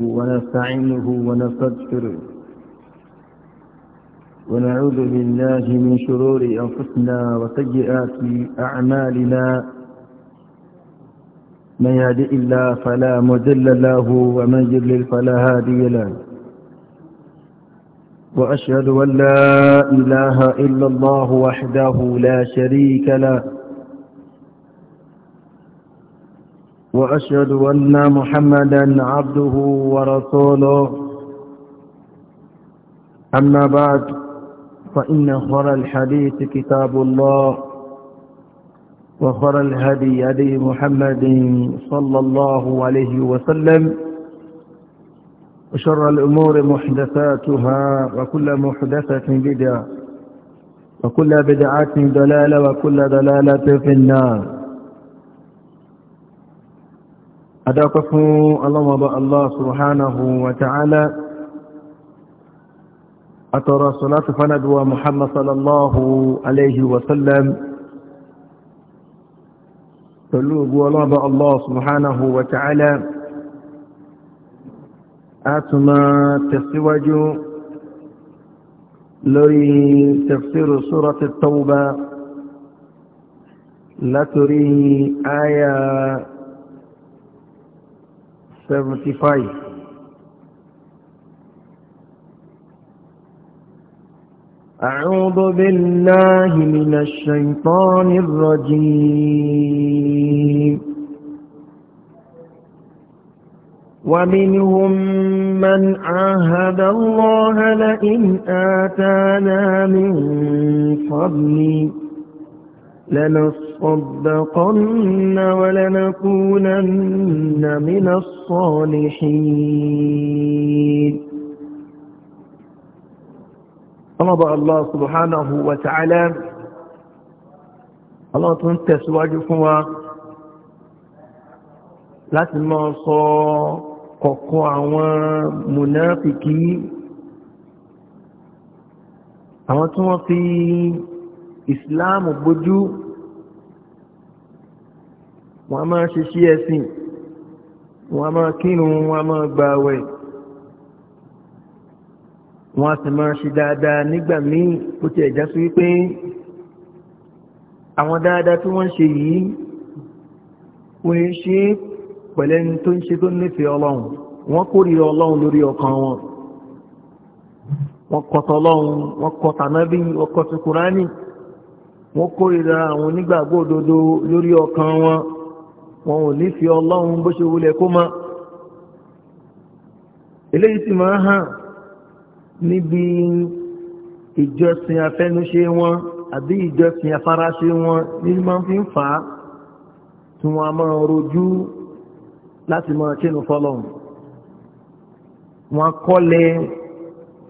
ونستعينه ونستغفره ونعوذ بالله من شرور أنفسنا وسيئات أعمالنا من يهدئ الله فلا مذل له ومن يضلل فلا هادي له وأشهد أن لا إله إلا الله وحده لا شريك له وأشهد أن محمدا عبده ورسوله أما بعد فإن خر الحديث كتاب الله وخر الهدي هدي محمد صلى الله عليه وسلم وشر الأمور محدثاتها وكل محدثة بدعة وكل بدعة دلالة وكل دلالة في النار adáwọ́pẹ́ fún ọlọ́mọba Allah subhanahu wa ta'ala àtọ̀rọ̀ sọ́látù fánàdùwà Muhammad sallallahu alaihi wasallam pẹ̀lú ogun ọlọ́mọba Allah subhanahu wa ta'ala a tún máa tẹ̀síwájú lórí tafsir surati tawba látorí ayàá 75 أعوذ بالله من الشيطان الرجيم ومنهم من عاهد الله لئن آتانا من فضله لنصر لنصدقن ولنكونن من الصالحين رضى الله سبحانه وتعالى الله تنتهي سواجكم لا máa sọ kọ̀kọ́ àwọn mùnáfikí إسلام tí wọ́n a máa ṣe sí ẹ̀sìn wọ́n a máa kírun wọ́n a máa gbààwẹ̀ wọ́n a sì máa ṣe dáadáa nígbà míì ó ti ẹ̀já sí wípé àwọn dáadáa tí wọ́n ń ṣe yìí wọ́n ṣe pẹ̀lẹ́ni tó ń ṣe tó nífẹ̀ẹ́ ọlọ́run wọ́n kórìíra ọlọ́run lórí ọkàn wọn wọ́n kọtọ̀ ọlọ́run wọ́n kọtà nábì wọ́n kọtù kùránì wọ́n kórìíra àwọn onígbàgbọ́ òdodo lórí ọkàn wọn wọn ò ní fi ọlọ́run bó ṣe wulẹ̀ kó mọ́ eléyìí sì máa hàn níbi ìjọsìn afẹnuṣe wọn àbí ìjọsìn afáraṣe wọn ní máa fi ń fà á tí wọn a máa rojú láti máa kínu fọlọ́run wọn kọ́lẹ̀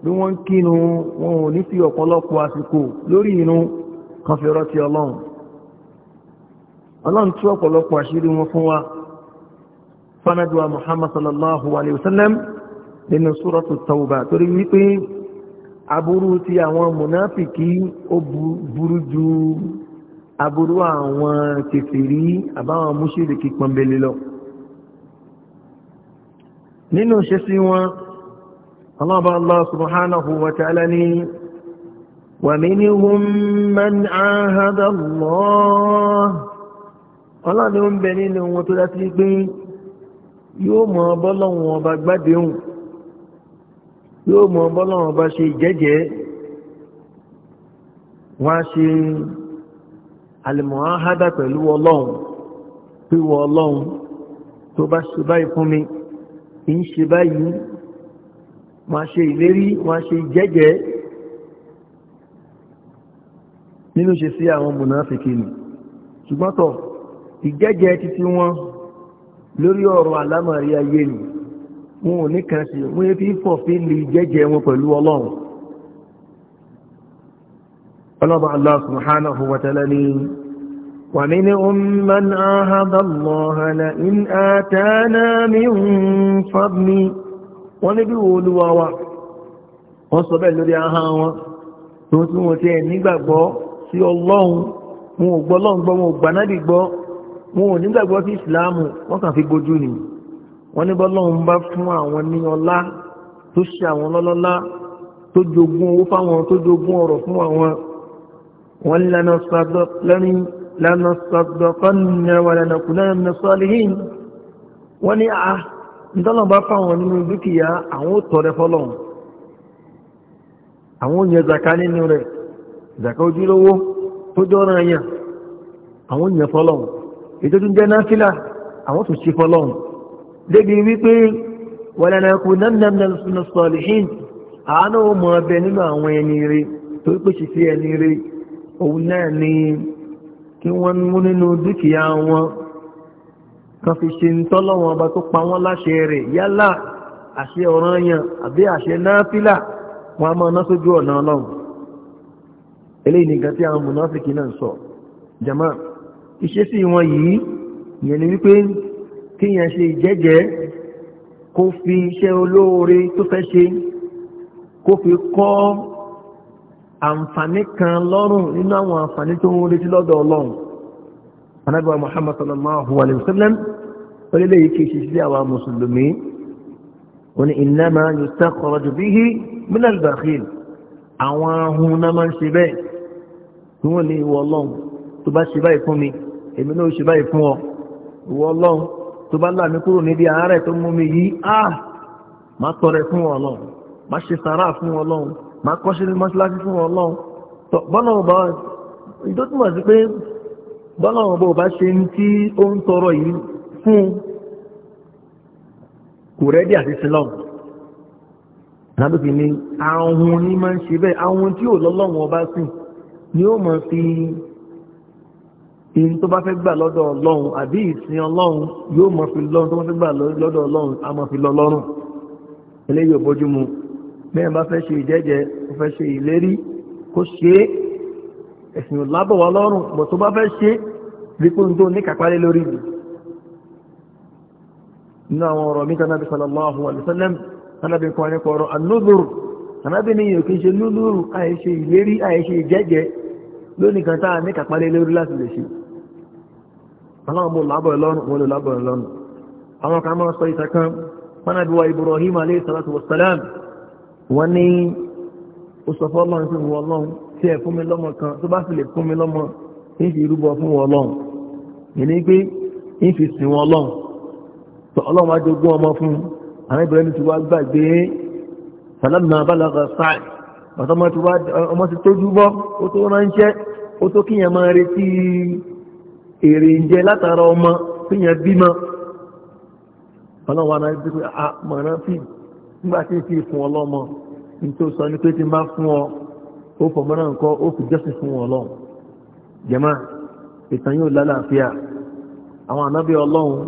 bí wọ́n kínu wọn ò ní fi ọ̀pọ̀lọpọ̀ àsìkò lórí inú kan fi rọ́ọ̀tì ọlọ́run ọlọ́run tú ọ̀pọ̀lọpọ̀ àṣírí wọn fún wa fanaduwa muhammad sallallahu alayhi wa sallam nínú súrọ́tù tauba torí wípé aburú ti àwọn mùnáfìkì ó burú ju aburú àwọn kèfèrí àbáwọn mùṣírìkì pọ̀nbélé lọ nínú ṣẹ́sí wọn ọlọ́ba allah subhanahu wa ta'ala ni ومنهم من عاهد الله ọlọ́run ni ó ń bẹ nínú wọn tó dátí pé yóò mọ bọ́lọ́run ọba gbádéhùn yóò mọ bọ́lọ́run ọba ṣe ìjẹ́jẹ́ wọ́n á ṣe àlìmọ̀ áhádà pẹ̀lú ọlọ́run píwọ ọlọ́run tó bá ṣe báyìí fún mi kì í ṣe báyìí wọ́n á ṣe ìlérí wọ́n á ṣe ìjẹ́jẹ́ nínú ṣe sí àwọn mùnàfíkì nì ṣùgbọ́n tọ̀ ìjẹ́jẹ́ títí wọn lórí ọ̀rọ̀ àlámọ̀rí ayé ni wọn ò ní kan sí wọn fi fọ̀fin lè jẹ́jẹ́ wọn pẹ̀lú ọlọ́run ọlọ́ba Allah wọ́n sọ bẹ́ẹ̀ lórí ahá wọn tó tí wọ́n tẹ́ nígbàgbọ́ sí ọlọ́run wọn ò gbọ́ lọ́n wọn ò nígbàgbọ́ sí ìsìláàmù wọ́n kàn fi gojú ni wọ́n ní bọ́lọ́run bá fún àwọn ní ọlá tó ṣe àwọn lọ́lọ́lá tó jogún owó fáwọn tó jogún ọ̀rọ̀ fún àwọn wọ́n lánà sàdọ̀kọ́nà wà lánà kùnà sọ́lìhìn wọ́n ní à ìtọ́lọ̀n bá fáwọn nínú dúkìá àwọn ò tọrẹ fọ́lọ̀n àwọn òyìn ẹ̀zàká nínú rẹ̀ ìzàká ojúlówó tó jọ́ràn yàn àwọn òyìn fọ́lọ̀n ètò tó ń jẹ́ náfìlà àwọn tó ṣe fọlọ́run débi wípé wàlànà kò nánà sọ̀lìhìn àánú mọ̀ ọbẹ̀ nínú àwọn ẹni rẹ̀ torí pé ṣìṣe ẹni rẹ̀ òun náà ni kí wọ́n mú nínú dúkìá wọn kan fi ṣe ń tọ́lọ́wọ́n ọba tó pa wọ́n láṣẹ rẹ̀ yálà àṣẹ ọ̀ranyàn àbí àṣẹ náfìlà wọn a máa ná sójú ọ̀nà ọlọ́run eléyìí nìkan tí àwọn mùnáfìkì náà sọ jama ìṣesí wọn yìí ìyẹn ni wípé kíyàn ṣe jẹ́jẹ́ kó fi iṣẹ́ olóore tó fẹ́ ṣe kó fi kọ́ àǹfààní kan lọ́rùn nínú àwọn àǹfààní tó ń retí lọ́dọ̀ ọlọ́run anábíwá muhammad sallallahu alayhi wa orílẹ̀ yìí kìí ṣe sí àwọn mùsùlùmí wọn innama yustakhraju bihi min al-bakhil àwọn ahun náà máa ń ṣe bẹ́ẹ̀ tí wọ́n ní ìwọ ọlọ́run tó bá ṣe báyìí fún mi èmi náà ṣe báyìí fún ọ ìwọ ọlọ́run tó bá láàmì kúrò níbi àárẹ̀ tó mú mi yìí ah! á má tọrẹ fún ọ lọ má ṣe sàrà fún ọ lọ́run má kọ́ṣe ní mọ́ṣáláṣí fún ọ lọ́run bọ́lá ọba ìjọ túmọ̀ sí pé bọ́lá ọba ọba ṣe ń tí ó ń tọrọ yìí fún kò rẹ́dí àti sílọ́ọ̀ lábẹ́bí ni àwọn ní máa ń ṣe bẹ́ẹ̀ àwọn tí ò lọ́lọ́wọ́ bá sìn ni ó máa fi ìyìn tó bá fẹ́ gbà lọ́dọ̀ ọlọ́run àbí ìsìn ọlọ́run yóò mọ̀ fi lọ́run tó bá fẹ́ gbà lọ́dọ̀ ọlọ́run a mọ̀ fi lọ lọ́rùn eléyìí ò bójú mu bẹ́ẹ̀ bá fẹ́ ṣe ìjẹ́jẹ́ ó fẹ́ ṣe ìlérí kó ṣe é ẹ̀sìn òlábọ̀ wá lọ́rùn bọ̀ tó bá fẹ́ ṣe rí pé ń tó ní kàpálẹ́ lórí ìlú nínú àwọn ọ̀rọ̀ mi kan náà bí sallallahu alaihi wasallam anábì kan nípa ní yòókì aláwọn mo lábọ̀ ẹlọ́run wọ́n lè lábọ̀ ẹlọ́run àwọn kan máa sọ ìtàkan fánàbíwá Ibrahim alayhi salatu wa salam wọ́n ní ó sọ fún ọlọ́run fún wọn lọ́run tí ẹ fún mi lọ́mọ kan tó bá sì lè fún ọmọ ti wá gbàgbé bọ́ ó tó ránṣẹ́ ó tó kíyàn máa retí èrè ń jẹ látara ọmọ fíyàn bímọ ọlọ́wọ́ ara ẹbí pé a ah, fi nígbà tí ń fi fún ọlọ́mọ ní tó sọ ní pé tí máa fún ọ ó fi fún ọlọ́run jẹ́mà ìtàn yóò lálàáfíà àwọn ọlọ́run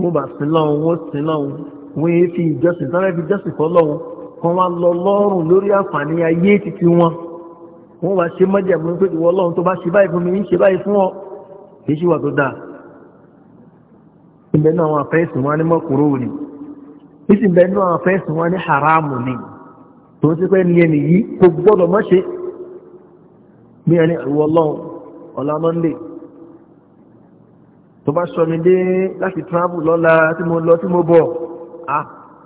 wọ́n bá lọ́run wọ́n lọ́run wọ́n lọ lọ́rùn lórí àǹfààní ayé títí wọn wọ́n bá ṣe mọ́jẹ̀mú pé ìwọ ọlọ́run tó bá ṣe kìí ṣíwà tó dáa ìbẹ̀nú àwọn afẹ́sùn wọn ní mọ́kúrò ni ìsì ìbẹ̀nú àwọn afẹ́sùn wọn ní haramu ni tó ń sípẹ́ ní ẹni yìí kò gbọ́dọ̀ mọ́ ṣe bí ẹni ìwọlọ́run ọ̀la monday tó bá sọ mi dé láti travel lọ́la tí mo lọ tí mo bọ̀ a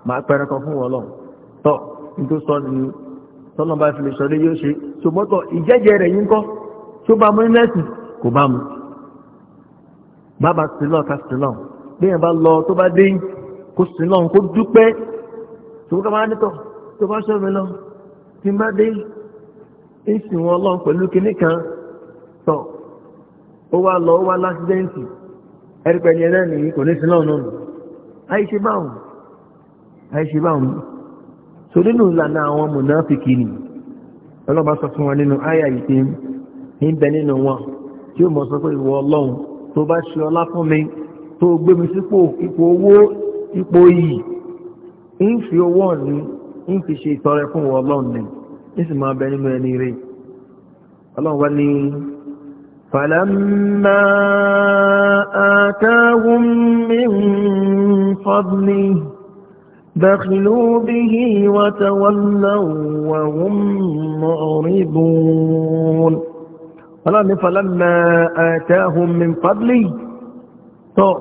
máa pẹ̀rẹ̀ kan fún wọn lọ tọ́ ní tó sọ ni tọ́lọ́mbà fi lè sọ lé yóò ṣe ṣùgbọ́n tọ́ ìjẹ́jẹ́ rẹ̀ yín kọ́ tó bá mú nẹ́ẹ̀sì bàbá sílọ̀ ká sílọ̀ bí yẹn bá lọ tó bá dé kó sílọ̀ kó dúpẹ́ ṣùgbọ́n ká máa nítọ̀ tó bá ṣọ́ mi lọ tí bá dé ń sìn wọn lọ pẹ̀lú kinní kan tọ̀ ó wá lọ ó wá lásìdẹ́ǹtì ẹ̀rí pẹ̀lú ẹ̀rẹ́ nìyí kò ní sílọ̀ náà àìṣe báwọn àìṣe báwọn torí nù lànà àwọn mùnáfìkì ni ọlọ́ba sọ fún wa nínú àyà yìí pé ń bẹ nínú wọn tí ó mọ̀ sọ pé ìwọ ọlọ́run tó bá ṣe ọlá fún mi tó gbé mi sípò ipò owó ipò yìí ń fi owó ọ̀ní ń fi ṣe ìtọrẹ fún wọn ọlọ́run ni ń sì máa bẹ nínú ẹni rẹ̀ ọlọ́run wá ní فلما آتاهم من فضله بخلوا به وتولوا وهم معرضون ọlọ́ni falamma atahum min fadli tọ́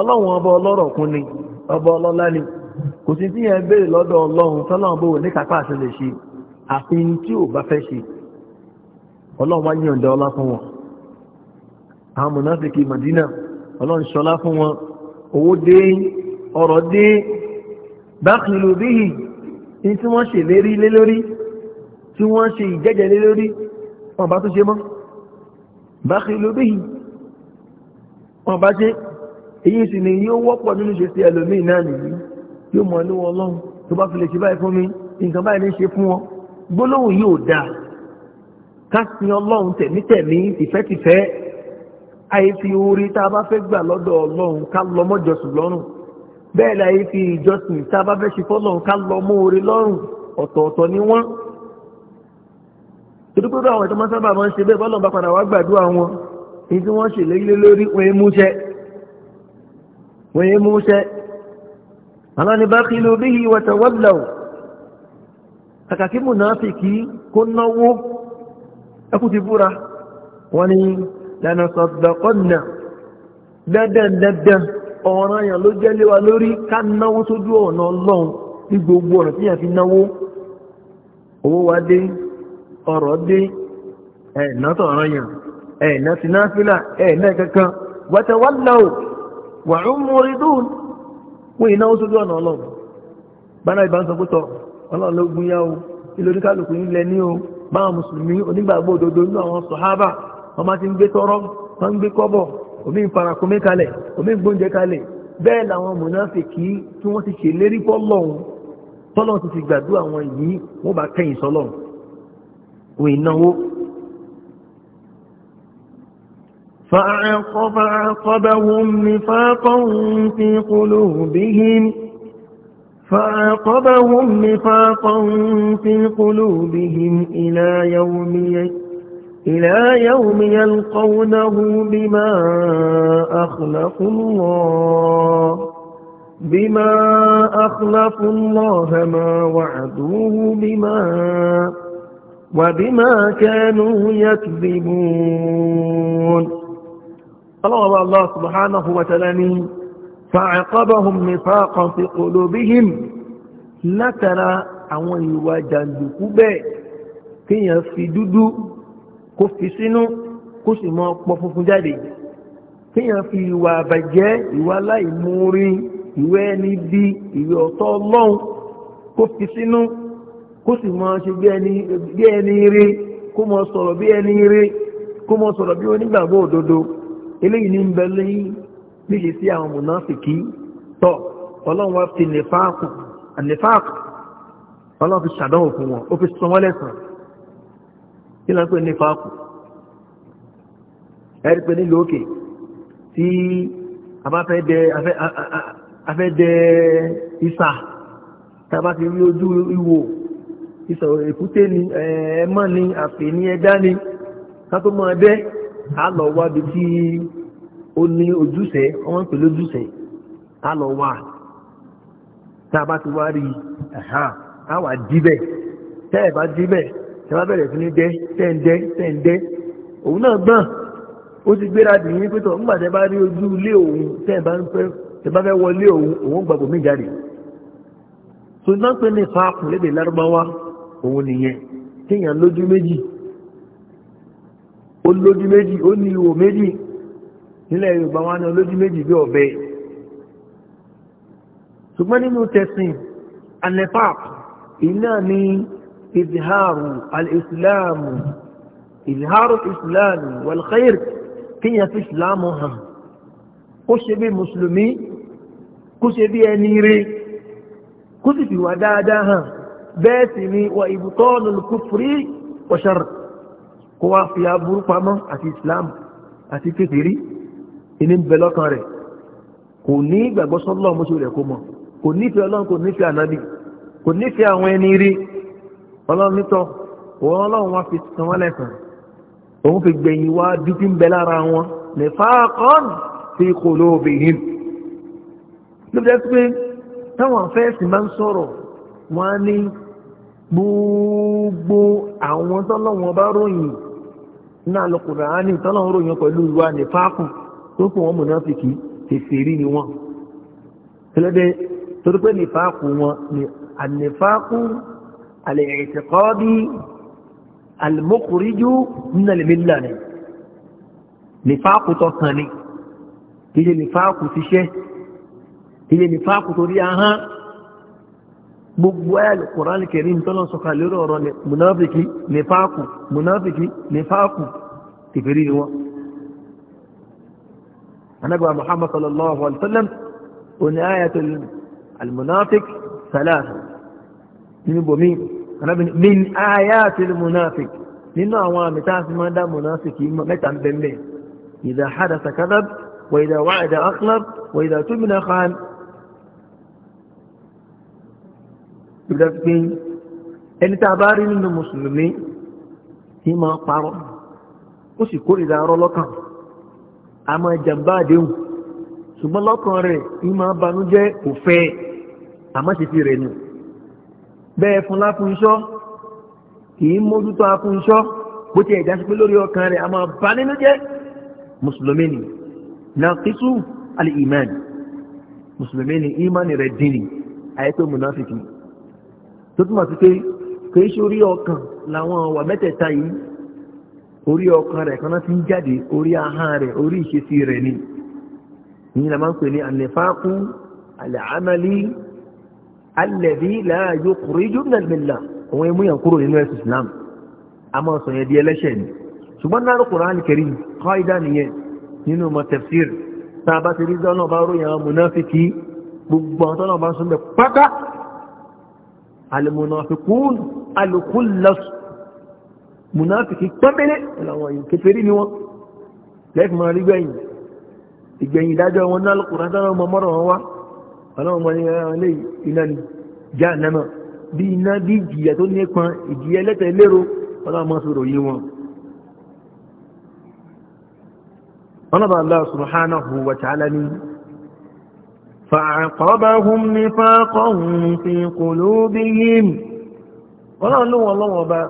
ọlọ́run ọba ọlọ́rọ̀ kún ni ọba ọlọ́lá ni kò sí tí yẹn béèrè lọ́dọ̀ ọlọ́run tọ́lọ́run bó ní kápá àti lè ṣe àfihàn tí ò bá fẹ́ ṣe ọlọ́run wá yàn dá ọlá fún wọn àwọn mọ̀náfíkì Madina ọlọ́run ṣọlá fún wọn owó dé ọrọ̀ dé bákìlù bíhì ní tí wọ́n ṣèlérí lé lórí tí wọ́n ṣe ìjẹ́jẹ́ lé lórí wọn bá tó ṣe mọ́ bá ṣe lóbíhì wọn bá ṣe èyí sì ni yóò wọ́pọ̀ nínú ṣe sí ẹlòmíì náà nìyí yóò mọ̀ ní wọn lọ́hùn tó bá fi lè ṣe báyìí fún mi nǹkan báyìí ní ṣe fún wọn gbólóhùn yóò dáa ká sin ọlọ́run tẹ̀mítẹ̀mí tìfẹ́tìfẹ́ àìfi orí tá a bá fẹ́ gbà lọ́dọ̀ ọlọ́run ká lọ mọ́jọsùn lọ́rùn bẹ́ẹ̀ la àìfi ìjọsìn tá a bá fẹ́ ṣe fọ́lọ́run ká lọ mọ́ orí lọ́rùn ọ̀tọ̀ọ̀tọ̀ ni wọ́n torí pé àwọn ìtọ́mọ́ sábà máa ń ṣe bẹ́ẹ̀ bọ́lọ̀ bá padà wá gbàdúrà wọn èyí tí wọ́n ṣe lé lórí wọn yé múṣẹ́ wọn yé múṣẹ́ àwọn ni bá kílò bí i wọ́tẹ̀ wọ́lọ̀ kàkàkí mùnáfìkì kó náwó ẹkù ti búra wọn ni lẹ́nà sọ̀dọ̀kọ́nà dandan dandan ọ̀ràn yàn ló jẹ́ léwa lórí ká náwó sójú ọ̀nà ọlọ́run ní gbogbo ọ̀nà tí yàn fi náwó owó wa dé ọ̀rọ̀ dé ẹ̀ẹ̀nà tọ̀rọ̀ yàn ẹ̀ẹ̀nà ti náfílà ẹ̀ẹ̀nà kankan wàtẹ̀wàláwò wàrún mórí dùn wọ́n iná oṣù lọ́nà ọlọ́run báná ìbá ń sọ pútọ̀ ọlọ́run ló gún yá o ilé oníkálùkù ilẹ̀ ní o báwọn mùsùlùmí onígbàgbọ́ òdodo nínú àwọn sọ̀hábà wọ́n máa ti ń gbé tọrọ wọ́n ń gbé kọ́bọ̀ omi bẹ́ẹ̀ làwọn tí wọ́n ti ṣèlérí ti ti gbàdúrà wọn yìí wọ́n bá kẹ́yìn وإنه فأعقب عقبهم نفاقا في قلوبهم فأعقبهم نفاقا في قلوبهم إلى يوم إلى يوم يلقونه بما أخلقوا الله بما أخلفوا الله ما وعدوه بما وبما كانوا يكذبون الله الله سبحانه وتعالى فعقبهم نفاقا في قلوبهم látara àwọn ìwà jàǹdùkú bẹ́ẹ̀ kíyàn fi dúdú kó fi sínú kó sì mọ́ pọ funfun jáde kíyàn fi ìwà àbàjẹ́ ìwà láìmúrí ìwẹ́ ẹni bí ìwẹ́ ọ̀tọ̀ ọlọ́run kó fi sínú kó sì máa ṣe bí ẹni rí kó máa sọ̀rọ̀ bí ẹni rí kó máa sọ̀rọ̀ bí onígbàgbọ́ òdodo eléyìí ní ń bẹ lẹ́yìn níṣe sí àwọn mùnáfìkì tọ̀ ọlọ́run wá fi nìfáàkù ànìfáàkù ọlọ́run fi ṣàdánwò fún wọn ó fi san wọ́n lẹ́sàn kí ló ń pè nìfáàkù ẹ̀rí pé nílùú òkè tí a bá fẹ́ dẹ afẹ́ dẹ ìsà tá a bá ti rí ojú ìwò ìsọ̀ èkúté ni ẹ̀ẹ́mọ́ ni àfè ní ẹja ni kátó mọ́ ẹbẹ́ á lọ wá bí tí ó ní ojúṣe ọmọ pẹ̀lú ojúṣe á lọ wá tá a bá ti wá rí ẹ̀há á wà díbẹ̀ tẹ́ ẹ̀ bá díbẹ̀ tẹ́ bá bẹ̀rẹ̀ sí ní dẹ́ tẹ́ ń dẹ́ tẹ́ ń dẹ́ òun náà gbọ́n òun nìyẹn kéèyàn lójú méjì ó lójú méjì ó ní ihò méjì nílẹ̀ yorùbá wọn ní olójú méjì bí ọ̀bẹ ṣùgbọ́n nínú tẹ̀sìn anefap iná ní ìzìhàrù alìsìláàmù ìzìhàrù ìsìláàmù wàlùkẹ́yìr kéèyàn fi ìsìláàmù hàn ó ṣe bí mùsùlùmí kó ṣe bí ẹni rí kó sì fi wà dáadáa hàn bẹ́ẹ̀ sì ni wà ìbùtọ́ọ̀nù kúfúrí wọ̀ṣàr kó wá fi aburú pamọ́ àti islam àti kékeré ìní ń bẹ lọ́kàn rẹ̀ kò ní ìgbàgbọ́ sọ́lọ́ mọ́ṣú rẹ̀ kó mọ̀ kò nífẹ̀ẹ́ ọlọ́run kò nífẹ̀ẹ́ ànábì kò nífẹ̀ẹ́ àwọn ẹni rí ọlọ́run nítọ́ òun ọlọ́run wá fi san wọ́n lẹ́sàn òun fi gbẹ̀yìn wá dúdú ń bẹ lára wọn nìfàákọ́n fi qulubihim ló fi jẹ́ pé táwọn afẹ́sì máa ń sọ̀rọ̀ wọ́n á ní gbogbo àwọn tọ́lọ́wọ́n bá ròyìn náà lọ́kùnrin àání tọ́lọ́wọ́n ròyìn pẹ̀lú ìwà nífàákù tó kù wọ́n mùnáfìkì kèfèrí ni wọ́n tẹ́lẹ́dẹ́ torí pé nífàákù wọn ni ànífàákù àlẹ́ẹ̀tẹ̀kọ́dí àlùmọ́kùnrinjú nínú àlùmílà ni nífàákù tọkàn ni kí ni nífàákù ṣiṣẹ́ kí ni nífàákù torí ahọ́n gbogbo ayàlù kùránì kẹrin tọ́lọ̀ sọ̀kà lórí ọ̀rọ̀ mùnáfìkì nífàákù mùnáfìkì nífàákù kèfèrí ni wọ́n anábà muhammad sallallahu alaihi wasallam oní ayàtò almunafik salasa nínú bomi min ayàtò almunafik nínú àwọn àmì tá a fi máa dá mùnáfìkì mẹ́ta bẹ́ẹ̀ ìdá hadasa kadab wa ìdá wa'ada akhlab wa ìdá tumina khan ìdàgbé ẹni tá a bá rí nínú mùsùlùmí kí máa parọ́ ó sì kórìíra lọ́kàn a máa jàǹbá àdéhùn ṣùgbọ́n lọ́kàn rẹ̀ kí máa banújẹ́ kò fẹ́ àmọ́ rẹ̀ nù bẹ́ẹ̀ fún láfúnṣọ́ kì í mójútó afúnṣọ́ bó ti ẹ̀dá sí pé lórí ọkàn rẹ̀ a máa bá nínú jẹ́ mùsùlùmí ni nàkísù alìmánì mùsùlùmí tó túmọ̀ sí pé kì í ṣe orí ọkàn làwọn ọ̀wà mẹ́tẹ̀ẹ̀ta yìí orí ọkàn rẹ̀ kan náà ti ń jáde orí ahọ́n rẹ̀ orí ìṣesí rẹ̀ ni ìyìn làwọn ń pè ní ànífàákú àlàámálí alẹ́bí làáyò kùrìjú nàìjíríà òun ẹmú yàn kúrò nínú ẹ̀sìn Islam a máa sọ yẹn di ẹlẹ́ṣẹ̀ ni ṣùgbọ́n náà Al-Qur'an Karim kọ́ìdá nìyẹn nínú ọmọ tafsir tá a bá ti rí zọ́nà bá ròyìn àwọn mùnáfíkì gbogbo àwọn tọ́nà bá ń alimunafikun alukullas munafiki pẹ́pẹ́lẹ́ láwọn yìí kéferí ni wọ́n lẹ́fì máa rí gbẹ̀yìn ìgbẹ̀yìn ìdájọ́ wọn náà lọ́kùnrin tánà ọmọ mọ́rọ̀ wọn wá ọlọ́run wọn ilé ah, iná ni já nẹ́mọ̀ bí iná bí ìjìyà tó nípọn ìjìyà ẹlẹ́tẹ̀ فعقبهم نفاقا في قلوبهم ọlọ́run ló wọn lọ́wọ́ ọba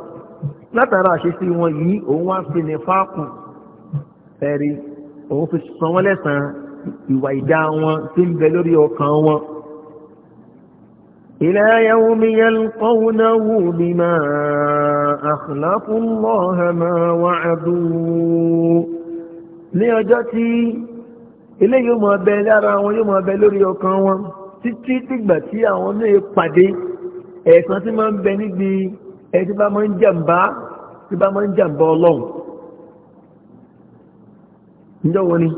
látara àṣesí wọn yìí òun wá fi nífàkù ẹ̀rí òun fi san wọ́n lẹ́sàn-án ìwà ìdá wọn tí ń bẹ lórí ọkàn wọn. إلى يوم يلقونه بما أخلفوا الله ما وعدوه ní ọjọ́ tí eléyìí yóò máa bẹ lára wọn yóò máa bẹ lórí ọkàn wọn títí dìgbà tí àwọn náà pàdé ẹ̀san tí máa ń bẹ níbi ẹ tí bá máa ń jàǹbá tí bá máa ń jàǹbá ọlọ́run níjọ́ wo ni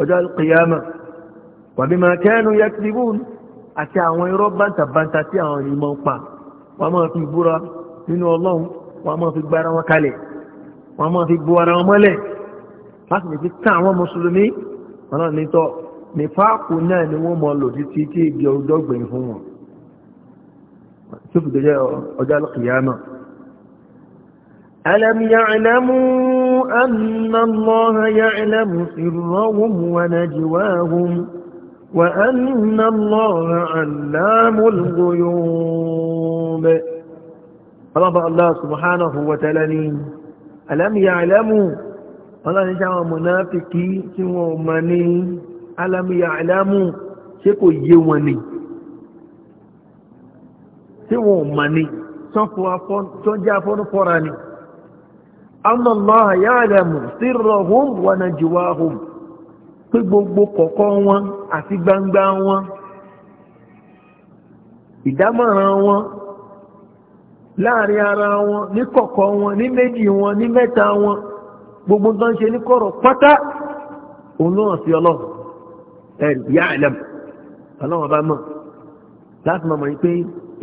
ọjọ́ alqiyama wàbí máa kẹ́nu yaktibun àti àwọn irọ́ bàǹtàbàǹtà tí àwọn ènìyàn máa ń pa wọ́n máa fi búra nínú ọlọ́run wọ́n máa fi gbára wọn kalẹ̀ wọ́n máa fi bu ara wọn mọ́lẹ̀ láti lè fi tán àwọn mùsùlùmí ọlọ́run nítọ́ nífàkù náà ni wọ́n mọ lò títí tí ìgbẹ́ ọjọ́ gbẹ̀yìn fún wọn tí ó fi dẹjẹ́ ọjọ́ alùkìyàmà ألم يعلموا أن الله يعلم سرهم ونجواهم وأن الله علام الغيوب رضى الله سبحانه وتعالى ألم يعلموا ọlọ́ni táwọn mọ̀náfíkì tí wọ́n mọ̀ ní alámiyà alámù ṣé kò yé wọn ni tí wọ́n mọ̀ ní tọ́jú afọ́nufọ́ra ni amma Allah ya'lamu sirrahum wa najwahum pé gbogbo kọ̀kọ̀ wọn àti gbangba wọn ìdámọ̀ràn wọn láàrin ara wọn ní kọ̀kọ̀ wọn ní méjì wọn ní mẹ́ta wọn gbogbo tó ń ṣe ní kọ̀rọ̀ pátá òun ló hàn sí ọlọ́run ẹ̀rì ìyá ọba mọ̀ láti mọ̀ mọ̀ yìí pé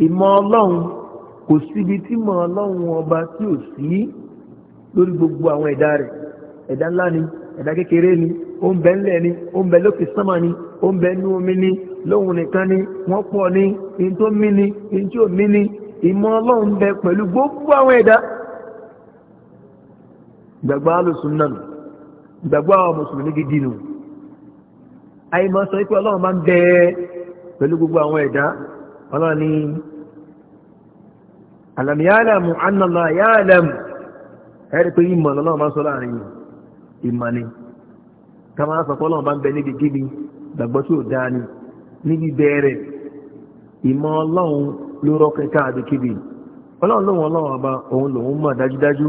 ìmọ̀ ọlọ́run kò síbi tí mọ̀ ọlọ́run ọba tí ò sí gbogbo àwọn ẹ̀dá rẹ̀ ẹ̀dá ńlá ni ẹ̀dá kékeré ni ó ńlẹ̀ ni ó ń bẹ ni ó ń omi ni lóhun nìkan ni wọ́n ni tó ni tí ni ìgbàgbọ́ alùsùn náà ìgbàgbọ́ àwọn mùsùlùmí gidi nù sọ pé ọlọ́run máa ń bẹ pẹ̀lú gbogbo àwọn ẹ̀dá ọlọ́run ní àlàmìyàlàmù annàlá yàlàmù ẹ̀rí pé ìmọ̀ lọ́lọ́run máa ń sọ láàrin ìmọ̀ ni sọ ọlọ́run bá ń bẹ níbi gidi gbàgbọ́ tí ò dáa ni níbi bẹ̀rẹ̀ ìmọ̀ ọlọ́run ló rọ́ ọlọ́run ọlọ́run ọba òun lòun mọ̀ dájúdájú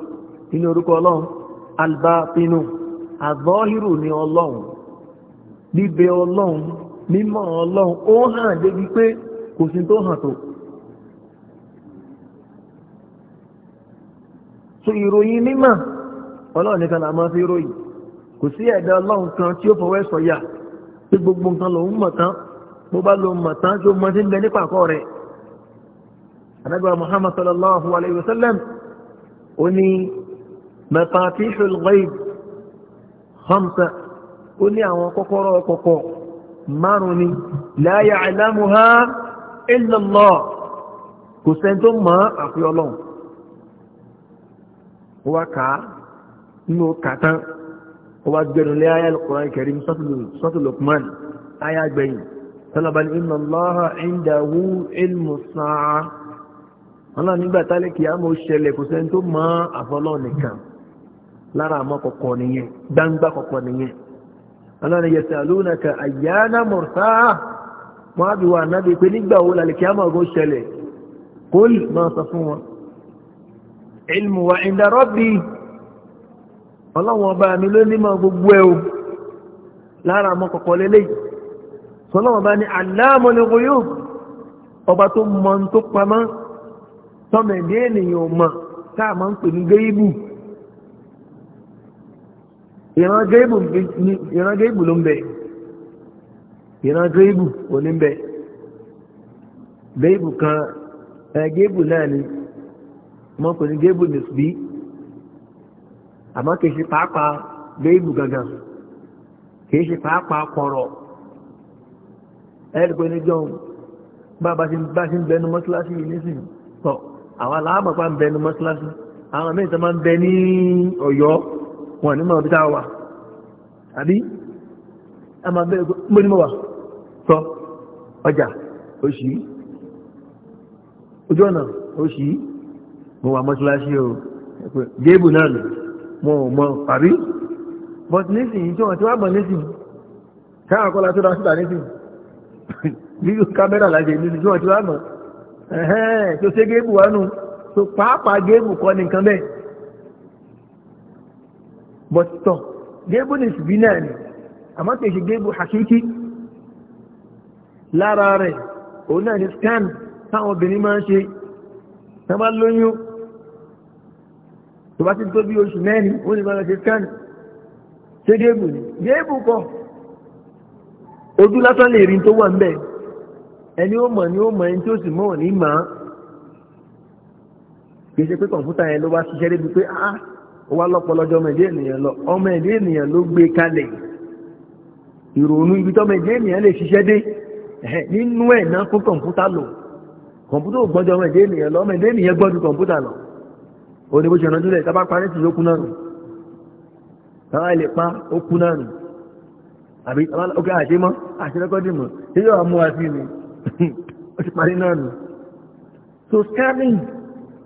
inú orúkọ ọlọ́run albátinú àzọ́hírù ni ọlọ́run bíbẹ ọlọ́run mímọ̀ ọlọ́run ó hàn débi pé kò sí tó hàn tó so ìròyìn mímọ̀ ọlọ́run nìkan là máa fi ròyìn kò sí ẹ̀dá ọlọ́run kan tí ó fọwọ́ ẹ̀sọ̀ yà tí gbogbo nǹkan lòun mọ̀ tán bó bá lòun mọ̀ tán tí ó mọ sí ń bẹ nípa àkọ́ rẹ̀ adágbà Muhammad sallallahu alayhi wa sallam ó ní mafatihul ghaib khamsa ó ní àwọn kọ́kọ́rọ́ kọ́kọ́ márùn ni la ya'lamuha illa Allah kò sẹ́ni tó mọ̀ àfi ọlọ́run ó wá kà á nínú kàtán ó wá gbẹ̀rún lé ayé al-Qur'an al-Karim sọ́tù Luqman ayé àgbẹ̀yìn tọ́lọ̀bá ní inna Allaha indahu ilmu sa'a ọlọ́run nígbà tálẹ́kì á mọ̀ ṣẹlẹ̀ kò sẹ́ni tó mọ̀ àfọlọ́ nìkan lára àmọ́ kọ̀kọ́ nìyẹn gbangba kọ̀kọ́ nìyẹn alára yasalunaka ayyana mursaha wọn á bí wà nábi pé nígbà wo lálẹ́kí àmọ́ ọgọ́ ilmu wa inda rabbi ọba o tó mọ tó pamọ́ tọ́mẹ̀dé ènìyàn mọ̀ ma ń pè ní ìran gẹ́ìbù ló ń bẹ ìran gẹ́ìbù ò ní bẹ gẹ́ìbù kan gẹ́ìbù náà ni wọ́n kò ní gẹ́ìbù nìsbí àmọ́ kìí ṣe pàápàá gẹ́ìbù gangan kìí ṣe pàápàá kọ̀rọ̀ ẹ̀rì pé níjọ́ bá ṣe ń bẹnu mọ́síláṣí yìí nísìnyí tọ́ àwọn aláàmọ̀pá ń bẹnu mọ́síláṣí àwọn mẹ́ta máa ń bẹ ní Ọ̀yọ́ wọn ní mọ̀ bí táwà wà àbí a máa bẹ́ẹ̀ mọ́ ní mọ́ wà sọ ọjà oṣì ojú ọ̀nà oṣì mo wà mọ́ṣáláṣí o géèbù náà nù mo ò mọ àbí but nísìnyí tí wọ́n ti wá mọ̀ nísìnyí káwọn akọ́lá tó dá síta nísìnyí lílo kámẹ́rà lájẹ níbi tí wọ́n ti wá mọ̀ ẹ̀hẹ́n tó ṣe géèbù wá nù tó pàápàá géèbù kọ́ nìkan bẹ́ẹ̀ bọ̀tọ̀ gébù ní ṣùgbí náà ni àmọ́ kìí ṣe gébù hakiki lára rẹ̀ o náà ni scan táwọn obìnrin máa ń ṣe tán bá lóyún tó bá ti tó bí oṣù mẹ́rin ó ní máa ṣe scan ṣe gébù ni gébù kọ́ ojú lásán lè rí tó wà ń bẹ̀ ẹni ó mọ̀ ni ó mọ̀ ẹni tí ó sì mọ̀ ní màá kìí ṣe pé kọ̀ǹpútà yẹn ló wá ṣiṣẹ́ débi pé ah wá lọ́pọ̀lọ́jọ́ ọmọ ẹ̀dẹ́ ènìyàn lọ ọmọ ẹ̀dẹ́ ènìyàn ló gbé kalẹ̀ ìrònú ibi tọ́mọ ẹ̀dẹ́ ènìyàn lè ṣiṣẹ́ dé nínú ẹ̀ náà fún kọ̀ǹpútà lò kọ̀ǹpútà ò gbọ́dọ̀ ọmọ ẹ̀dẹ́ ènìyàn lọ ọmọ ẹ̀dẹ́ ènìyàn gbọ́dọ̀ kọ̀ǹpútà lọ òní bó ṣe rán jùlẹ̀ tábà parí ti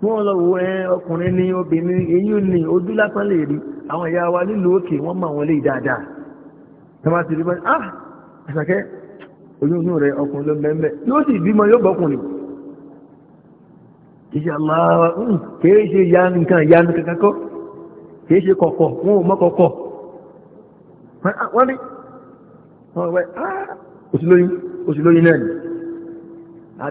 wọ́n lọ wo ẹ ọkùnrin ní obìnrin eyín ní ojú lásán lè rí àwọn ìyá wa nílùú òkè wọ́n mọ̀ wọn lè dáadáa tí ti rí bọ́n ah àṣàkẹ́ oyún rẹ ọkùnrin ló ń yóò sì bímọ yóò bọ́kùnrin ya ya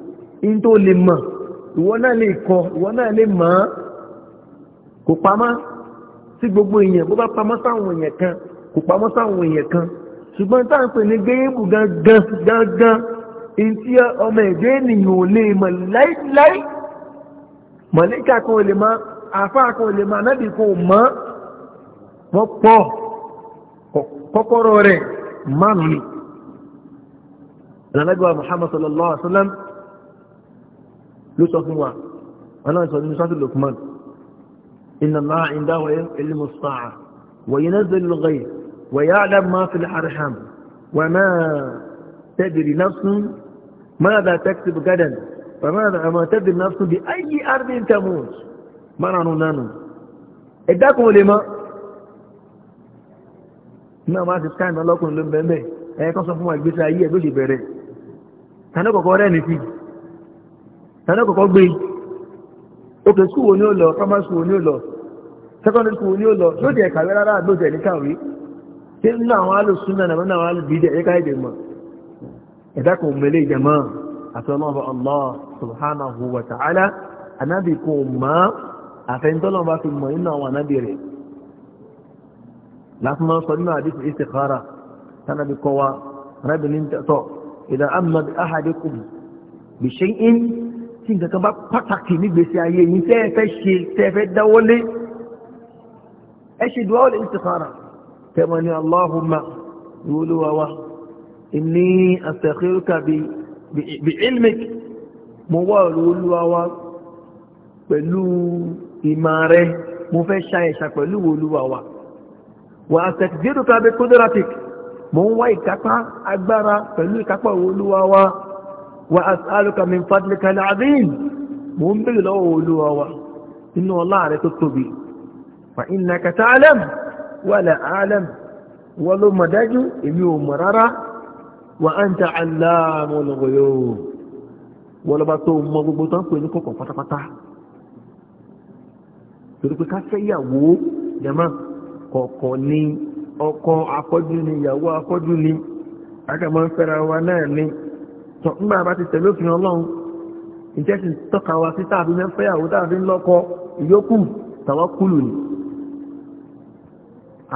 in tó lè mọ̀ ìwọ náà lè kọ ìwọ náà lè mọ̀ ọ́ kò pamọ́ sí gbogbo èèyàn bó bá pamọ́ sáwọn èèyàn kan kò pamọ́ sáwọn èèyàn kan ṣùgbọ́n táà ń pè ní géèmù gangan gangan in tí ọmọ ẹ̀dẹ́ ènìyàn ò lè mọ̀ láíláí mọ̀lẹ́kà kan ò lè mọ̀ àfáà kan ò lè mọ̀ anábì kan ò mọ̀ wọ́n pọ̀ kọ́kọ́rọ́ rẹ̀ márùn-ún Muhammad sallallahu alaihi wa sallam ló sọ fún wa ọlọ́run sọ nínú sọ́tù Luqman inna Allaha indahu ilmu as-sa'a wa yunazzilu al-ghayth wa ya'lamu ma fil arham wa ma tadri nafsun náà تكتب غدا وماذا ما تدري النفس بأي أرض تموت مرعنوا نانو إداكم لما náà máa ti skype ọlọ́kùnrin ló ń bẹ̀ẹ́ ẹ̀ẹ́kan sọ fún wa gbèsè ayé ẹ̀ ló ṣe bẹ̀rẹ̀ kọ̀kọ́ rẹ̀ nìtí tàbí kọ̀kọ́ gbé òkè skúl wo ni ó lọ primary school wo ni ó lọ secondary school wo ni ó lọ yóò jẹ́ kàwé rárá àdó jẹ́ níkàwé tí nínú àwọn alùsùnà nàmọ́ náà alùbídẹ̀ ẹ̀ka ẹ̀dẹ̀ mọ̀ ẹ̀dá kò mẹ́lẹ̀ ìjẹ̀mọ́ àtọ́lọ́bọ̀ Allah subhanahu wa ta'ala anábì kò mọ́ tí nǹkan kan bá pàtàkì nígbèsè ayé yìí tẹ́ ẹ fẹ́ ṣe tẹ́ ẹ fẹ́ dáwọ́lé ẹ ṣe dùn ọ́lẹ̀ istikhara tẹ́mọ̀ ní Allahumma ìwọlúwa wa inni astakhiruka bi ilmik mo wá ìwọlúwa wa pẹ̀lú ìmọ̀ rẹ mo fẹ́ ṣàyẹ̀ṣà pẹ̀lú ìwọlúwa wa wa astakdiruka bi mo ń wá ìkápá agbára pẹ̀lú ìkápá ìwọlúwa وأسألك من فضلك العظيم مهم بلو ولو إنه الله عليك الطبي فإنك تعلم ولا أعلم ولو مدج إميو مرارا وأنت علام الغيوب ولو بطو مضبوطا فإنك قفتا فتا torípé ká fẹ́yàwó jẹ́mọ́ kọ̀ọ̀kọ̀ ni ọkọ akọ́jú ni ìyàwó akọ́jú ni agbàmọ́ fẹ́ra wa náà ni tọ́ ńgbà bá ti tẹ̀lé òfin ọlọ́run ìjẹ́sì tọ́ka wa sí tàbí mẹ́fẹ́yàwó tàbí ńlọ́kọ ìyókù tàwọn kúlù ni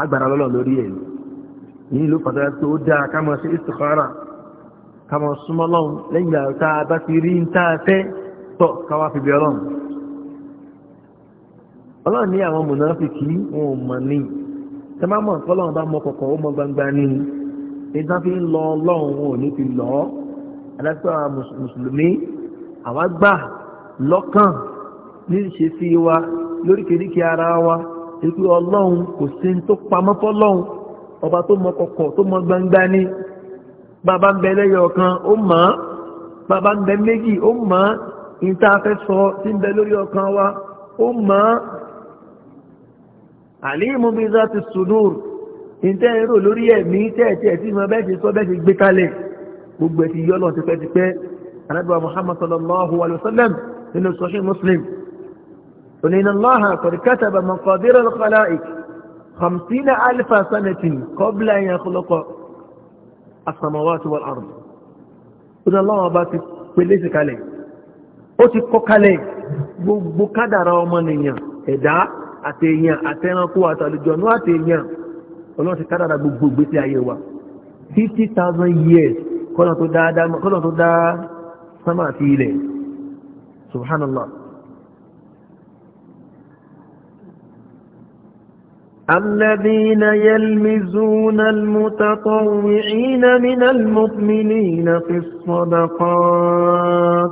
agbára lọ́lọ́ lórí ẹ̀ ní ìlú pàtàkì tó dáa ká máa ṣe istikhara ká máa súnmọ́ lọ́run lẹ́yìn àwòtá bá ti rí ń táa fẹ́ tọ́ káwá fi bí ọlọ́run ọlọ́run ní àwọn mùnáfìkì wọn ò mọ̀ ní tẹ́ má mọ̀ tọ́lọ́run bá mọ kọ̀kọ̀ ó mọ gbangba ní ìdáfín lọ ọlọ́run wọn ò ní fi lọ́ọ́ aláṣọ àwọn mùsùlùmí àwa gbà lọ́kàn ní ìṣesí wa lóríkèríkè ara wa èpè ọlọ́run kò sí tó pamọ́ fọ́lọ́run ọba tó mọ kọ̀kọ̀ tó mọ gbangba ni bàbá ń bẹ lẹ́yọ̀ kan ó mọ̀ ọ́ bàbá ń bẹ méjì ó mọ̀ ọ́ ìta fẹ́ sọ tí ń bẹ lórí ọkàn wa ó mọ̀ àlímú bí zá ti sùdúr ìtẹ́ èrò lórí ẹ̀mí tẹ́ẹ̀tẹ́ẹ̀ tí mo bẹ́ẹ̀ ti sọ bẹ́ẹ̀ ti gbé kalẹ̀ gbogbo ẹ̀ ti yọ́ lọ́n tipẹ́tipẹ́ anábíwá muhammad sallallahu alayhi wa sallam nínú sahih muslim oníná lọ́hà qad kataba maqadir al-khalaiq khamsina alfa sanatin qabla an yakhluqa as-samawati wal-ard oníná lọ́wọ́ bá ti pèlè sí kalẹ̀ ó ti kọ́ kalẹ̀ gbogbo kádàrà ọmọnìyàn ẹ̀dá àtẹ̀yàn àtẹ̀ránkó àtàlùjọ̀nú àtẹ̀yàn ọlọ́run kádàrà gbogbo ìgbésí ayé wa 50,000 years kọ́nà tó dá sánmà àti ilẹ̀ subhanallah الذين يلمزون المتطوعين من المؤمنين في الصدقات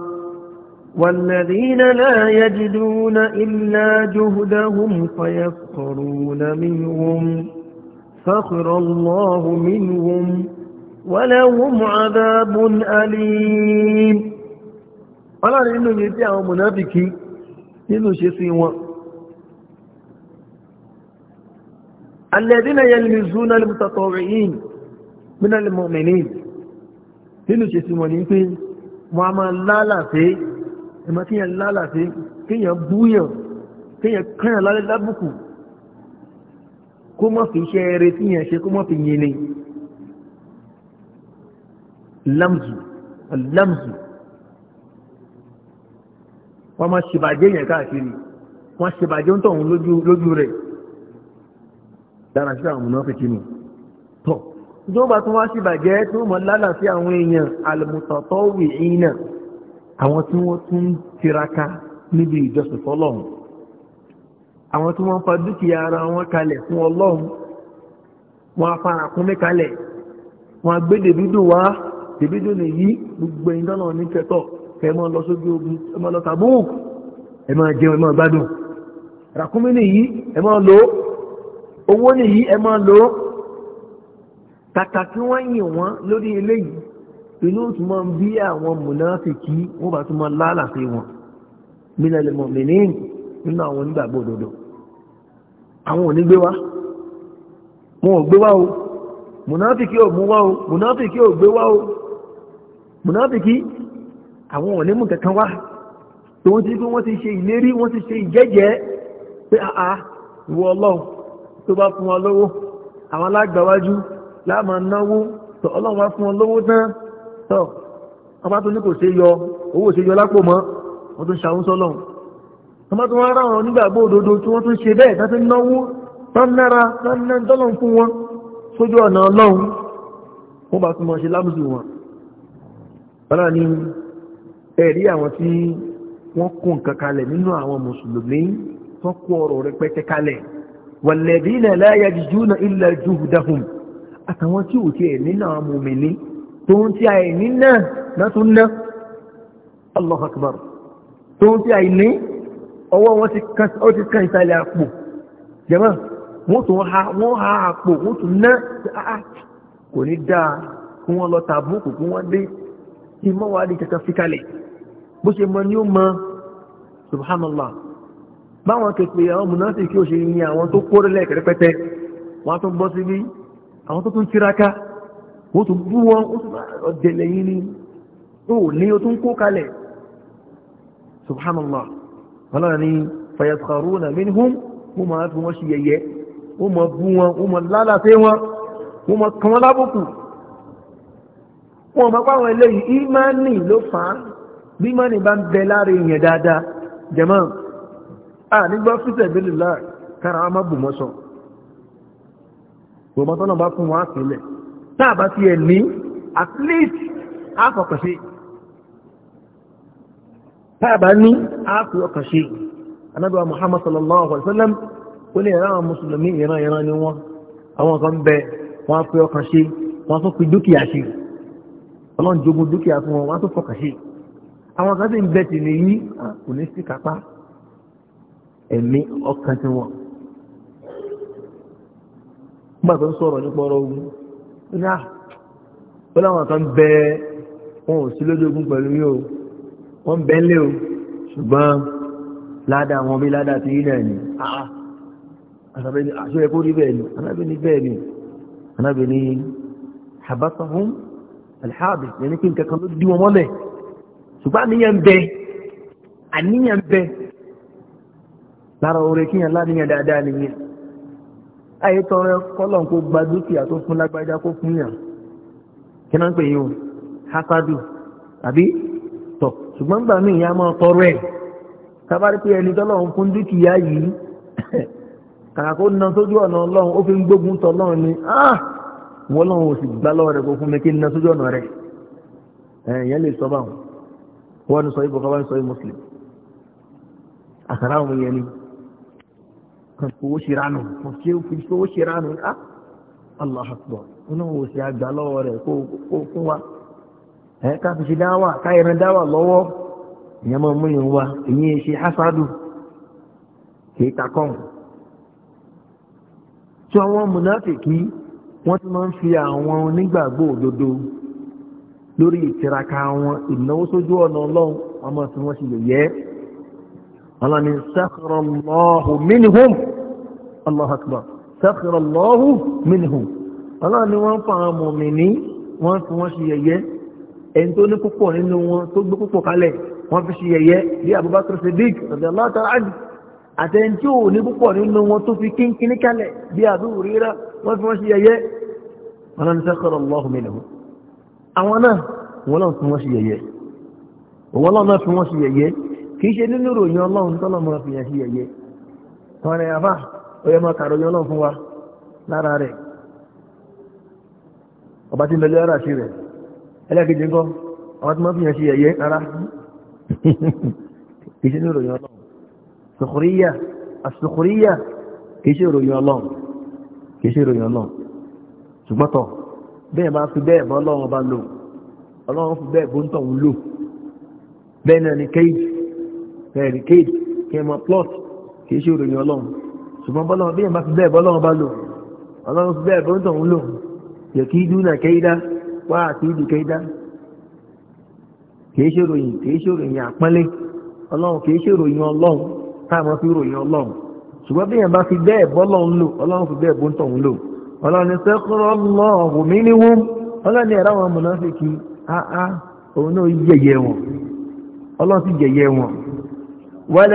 والذين لا يجدون إلا جهدهم فيسخرون منهم سخر الله منهم ولهم عذاب أليم ọlọ́rin inú yìí tí àwọn mùnáfikí nínú ṣe sí wọn alẹ́dínà yẹn lè zúnà lè mùtàtọ̀ rẹ̀ yìí mínà lè mọ̀ mẹ́lẹ́ nínú ṣe sí wọn ní pé wọ́n a máa lálàfẹ́ ẹ̀mọ́ kíyàn lálàfẹ́ kíyàn búyàn kíyàn kíyàn lálẹ́ lábùkù kó mọ́ fi iṣẹ́ rẹ̀ tíyàn ṣe kó mọ́ fi yìnlẹ̀ lamzu lamzu wọ́n máa ṣèbàjẹ́ yẹn káàkiri wọ́n ṣèbàjẹ́ ń tọ̀hún lójú rẹ̀ dára sí àwọn mùnáfíkí nù tọ̀ ìjọba tó wá ṣèbàjẹ́ tí wọ́n mọ̀ lálàáfíà àwọn èèyàn àlùmùtọ̀tọ̀ wì í náà àwọn tí wọ́n tún tiraka níbi ìjọsìn fọlọ́hún tèbédò lè yí gbogbo ẹ̀yìn tọ́nà ní kẹtọ̀ kẹ mọ́ lọ sójú ogun ẹ mọ́ lọ Tabuk ẹ mọ́ jẹun ẹ mọ́ gbádùn ràkúnmí nìyí ẹ mọ́ lò owó nìyí ẹ mọ́ lò kàkà kí wọ́n yìn wọ́n lórí eléyìí inú tún máa ń bí àwọn mùnáfìkì wọ́n bá tún máa lálàfẹ́ wọn minal mu'minin nínú àwọn onígbàgbọ́ òdodo àwọn ò gbé wá wọn ò gbé wá o mùnáfìkì ò mú wá o mùnáfìkì ò gbé wá o mùnàfíkì àwọn ọ̀nẹ́mù kankan wá tó wọ́n ti pé wọ́n ti ṣe ìlérí wọ́n ti ṣe ìjẹ́jẹ́ pé àá ìwọ ọlọ́run tó bá fún wọn lówó àwọn alágbàwájú láàmà náwó tọ ọlọ́run wá fún wọn lówó tán tọ ọba tó ní kò ṣe yọ owó ṣe yọ lápò mọ́ wọ́n tún ṣàwọn sọ́lọ́run ọba tó wọ́n ráwọn onígbàgbọ́ òdodo tí wọ́n tún ṣe bẹ́ẹ̀ tó ti náwó tán nára tán náà dọ́lọ́run fún wọn sójú ọ̀nà ọlọ́run wọ́n bá tún mọ̀ ṣe lábùsù wọn ọlọ́run ní ẹ̀rí àwọn tí wọ́n kó nǹkan kalẹ̀ nínú àwọn mùsùlùmí tó kó ọ̀rọ̀ rẹpẹtẹ kalẹ̀ walladhina la yajiduna illa juhdahum àtàwọn tí ò tiẹ̀ nínú àwọn mùmìnì tó ń tí àìní náà náà ná Allahu akbar tó ń tí àìní ọwọ́ wọn ti kàn ìsàlẹ̀ àpò jẹ́mọ́ wọ́n tún ha wọ́n ha àpò wọ́n tún ná kò ní dáa kí wọ́n lọ tàbùkù kí wọ́n dé kí mọ́ wà ní kankan fi kalẹ̀ bó ṣe mọ ní ó mọ subhanallah báwọn kẹpẹ àwọn mùnásì kí o ṣe yin àwọn tó kó rẹlẹ̀ kẹrẹpẹtẹ wọn tó bọ́ síbí àwọn tó tún tiraka wọ́n tún bú wọn ó tún ọ̀dẹ̀lẹ̀ yín ni ó ní o tún kó kalẹ̀ subhanallah wọ́n ní fayaskaruna minhum wọ́n máa fi wọ́n ṣe yẹ̀yẹ́ máa bú wọn wọ́n máa lálàfẹ́ wọn wọ́n máa kàn wọ́n lábùkù wọn mọ̀ pàwọn eléyìí ìmánì ló fà á bí ìmánì bá ń bẹ lára èèyàn dáadáa jẹ̀mọ́ à nígbà fífẹ̀ bí lùlá kára wọn má bù mọ́ sọ bùmọ́ tọ́nà bá fún wọn á sílẹ̀ bá ti ẹ̀ ní at least á fọkàn sí tá a bá ní á fọkàn anábíwá Muhammad sallallahu alaihi wa sallam ó ní ìran àwọn mùsùlùmí ìran ìran ni wọn àwọn kan bẹ wọn á fi ọkàn sí wọn á fi dúkìá sí ọlọ́run jogun dúkìá fún wọn wá tó fọkà sí àwọn kan sì ń bẹ̀tì nìyí kò ní sí kápá ẹ̀mí ọkàn tí wọn. nígbà tó ń sọ̀rọ̀ nípa ọ̀rọ̀ ogun ó ní à ó láwọn kan bẹ wọn ò sí lójú ogun pẹ̀lú yìí o wọ́n bẹ́ lé o ṣùgbọ́n ládàá wọn bí ládàá ti rí náà ni àṣọ ẹ̀kọ́ rí bẹ́ẹ̀ ni anábìíní bẹ́ẹ̀ ni anábìíní habasahum alhabi yẹn kí nǹkan kan ló dí wọn mọ́lẹ̀ ṣùgbọ́n àníyàn bẹ àníyàn bẹ lára oore kíyàn láníyàn dáadáa nìyẹn ayé tọrọ kọlọ̀n kó gba dúkìá tó fún lágbájá kó fún yàn kí náà ń pè yín o hasadu àbí tọ̀ ṣùgbọ́n gbà mí ìyá máa tọrọ ẹ̀ sábàrí pé ẹni tọ́lọ̀ ń fún dúkìá yìí kàkà kó sójú ọ̀nà ọlọ́run ó fi ń gbógun tọ́lọ́run ni ah, wọ́n lọ́wọ́ òsì gbá lọ́wọ́ rẹ̀ kó fún mi kí n na sójú ọ̀nà rẹ̀ ẹ̀yẹn lè sọ báwọn wọ́n ní sọ ibò kọ́wọ́n sọ muslim àkàrà àwọn yẹn ni owó ṣe ránù owó ṣe ránù ah allah akbar wọ́n lọ́wọ́ òsì àgbà lọ́wọ́ rẹ̀ kó fún wa ẹ̀ ká fi ṣe dáwà ká yẹn dáwà lọ́wọ́ ìyẹn máa mú yẹn wá ìyẹn ṣe hasadu kì í takọ́n tí àwọn munafiki kìí wọ́n ti máa ń fi àwọn onígbàgbọ́ òdodo lórí ìtiraka wọn ìnáwó sójú ọ̀nà ọlọ́run ọmọ tí wọ́n ṣe lè yẹ ọlọ́ni sakhrallahu minhum Allahu akbar sakhrallahu minhum ọlọ́run ni wọ́n ń fa àwọn mọ̀mìnì wọ́n fi wọ́n ṣe yẹ̀yẹ́ ẹni tó ní púpọ̀ nínú wọn tó gbé púpọ̀ kalẹ̀ wọ́n fi ṣe yẹ̀yẹ́ bí Abubakar Siddiq radiyallahu ta'ala anhu àtẹ́ntí ò ní púpọ̀ nínú wọn tó fi kínkíní kalẹ̀ bí àdúrú ríra wọ́n fi wọ́n ṣe yẹyẹ wọn náà ní sẹ́kọ̀rọ̀ àwọn náà wọ́n fi wọ́n ṣe yẹyẹ kì í ṣe nínú ìròyìn ọlọ́run fi ni yẹ máa ọba ara ṣe rẹ̀ ìròyìn ọlọ́run sùkúríyà àsùkúríyà kìí ṣe ìròyìn ọlọ́run kìí ṣe ìròyìn ọlọ́run ṣùgbọ́n tọ̀ bẹ́ẹ̀ máa fi bẹ́ẹ̀ bọ́ ọlọ́run ọba lò ọlọ́run fi bẹ́ẹ̀ bó ń tọ̀hún lò bẹ́ẹ̀ náà ni kéèjì bẹ́ẹ̀ ni kéèjì kí ẹ mọ plot kìí ṣe ìròyìn ọlọ́run ṣùgbọ́n bọ́lọ́run bẹ́ẹ̀ máa fi bẹ́ẹ̀ bọ́ ọlọ́run ọba lò ọlọ́run fi bẹ́ẹ̀ bó ń tọ̀hún lò yẹ̀kí dúnà kéyídá wá àti ìdù kéyídá kìí ṣe ìròyìn kìí ṣe ìròyìn àpọ́nlé ọlọ́run kìí ṣe ìròyìn ọlọ́run táàmọ́ fi ròyìn ọlọ́run ṣùgbọ́n bí èèyàn bá fi bẹ́ẹ̀ bọ́lọ́run lò ọlọ́run fi bẹ́ẹ̀ bóńtọ̀hún lò ọlọ́run ní sẹ́kọ̀rọ̀ lọ́ọ̀hù mí ní wọ́n ọlọ́run ní ẹ̀rọ àwọn mùnáfíkì áá òun náà yẹ̀yẹ̀ wọn ọlọ́run sì yẹ̀yẹ̀ wọn. wọn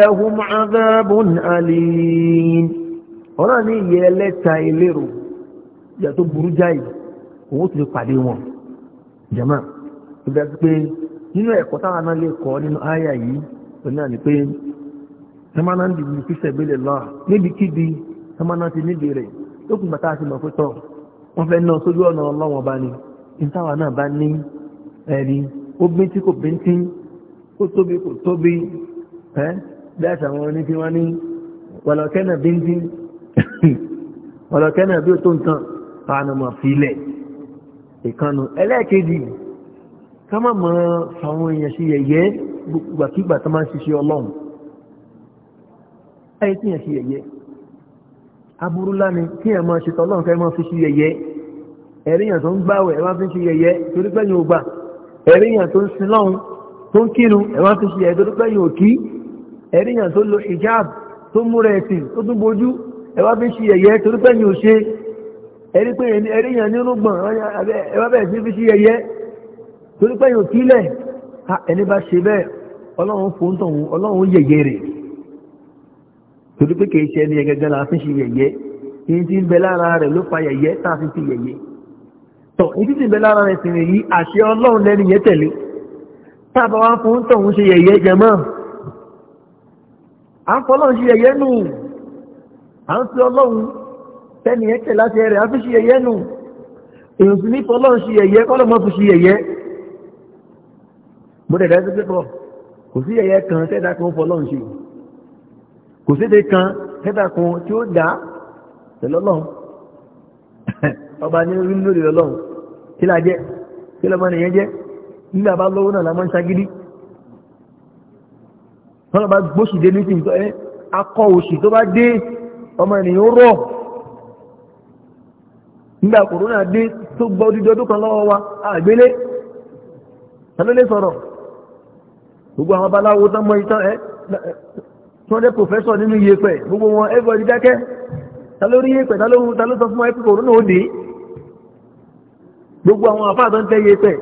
sọmọnà ń dìbò fífẹ́ ìbílẹ̀ lọ níbikíbi sọmọnà ti níbi rẹ̀ lókùn bàtà àti mọ̀fótọ́ wọ́n fẹ́ náà sójú ọ̀nà ọlọ́wọ́n bá ní ìtawà náà bá ní ẹ̀rí ó bí tí kò bí tí kó tóbi kò tóbi ẹ́ bí àtàwọn oní tí wọ́n ní wọ̀lọ̀kẹ́ náà bí tí wọ̀lọ̀kẹ́ náà bí ó tó nǹkan ànàmọ̀ fílẹ̀ ìkànnù ẹlẹ́ẹ̀kejì ká má mọ àwọn èèyàn sí yẹ̀yẹ́ gbàkígbà tó máa ń ṣiṣẹ́ ọlọ́run ayé tí yẹn ṣe yẹ̀yẹ́ aburú ńlá ni kí yẹn máa ṣètò ọlọ́run kẹ́ máa fi ṣe yẹ̀yẹ́ ẹ̀rí yẹn tó ń gbàwẹ̀ ẹ̀ máa fi ṣe yẹ̀yẹ́ torí pé yẹn ò gbà ẹ̀rí yẹn tó ń sin lọ́run tó ń kírun ẹ̀ máa fi ṣe yẹ̀yẹ́ torí pé yẹn ò kí ẹ̀rí yẹn tó lo hijab tó múra ẹ̀sìn tó tún bojú ẹ̀ máa fi ṣe yẹ̀yẹ́ torí pé yẹn ò ṣe ẹ̀rí pé ẹ̀rí yẹn ẹ̀ máa bẹ̀rẹ̀ fi ṣe yẹ̀yẹ́ torí pé yẹn ò kílẹ̀ ẹni bá ṣe bẹ́ẹ̀ ọlọ́run fòóntàn ọlọ́run torí pé kìí ṣe ẹni ẹgẹgẹ la fi ṣe yẹ̀yẹ́ yìí ti ń bẹ lára rẹ̀ ló fa yẹ̀yẹ́ tá a fi ti yẹ̀yẹ́ tọ̀ yìí ti ń bẹ lára rẹ̀ sì rìn yìí àṣẹ ọlọ́run lẹ́nu yẹn tẹ̀lé tá a bá wá fún tọ̀hún ṣe yẹ̀yẹ́ jẹ̀mọ́ à ń fọlọ́run ṣe yẹ̀yẹ́ nù à ń fi ọlọ́run tẹ́ni yẹn tẹ̀ láti ẹ̀rẹ̀ à fi ṣe yẹ̀yẹ́ nù èèyàn sì ní fọlọ́run ṣe yẹ̀yẹ́ kọ́ lọ́mọ fi ṣe yẹ̀yẹ́ mo dẹ̀ dá sí pé pọ̀ kò sí yẹ̀yẹ́ kan tẹ́ẹ̀dá kò séde kan kẹta kan tí ó dá tẹ̀lọ́lọ́run ọba ní orí lórí lọ́lọ́run kí la jẹ́ kí lọ́mọ nìyẹn jẹ́ nígbà bá lọ́wọ́ náà la máa ń ṣagídí wọ́n lọ bá gbóṣì dé ní tìǹtọ́ ẹ akọ òṣì tó bá dé ọmọ ènìyàn rọ̀ nígbà kòrónà dé tó gbọ́ dídọ́ tó kan lọ́wọ́ wa àgbélé tàlólé sọ̀rọ̀ gbogbo àwọn babaláwo tán mọ ìtàn ẹ tí wọ́n jẹ́ professor nínú yẹpẹ̀ gbogbo wọn everybody dákẹ́ ta ló rí yẹpẹ̀ ta ló sọ fún wa pé kòrónà ó dé gbogbo àwọn àfáà tó ń tẹ́ yẹpẹ̀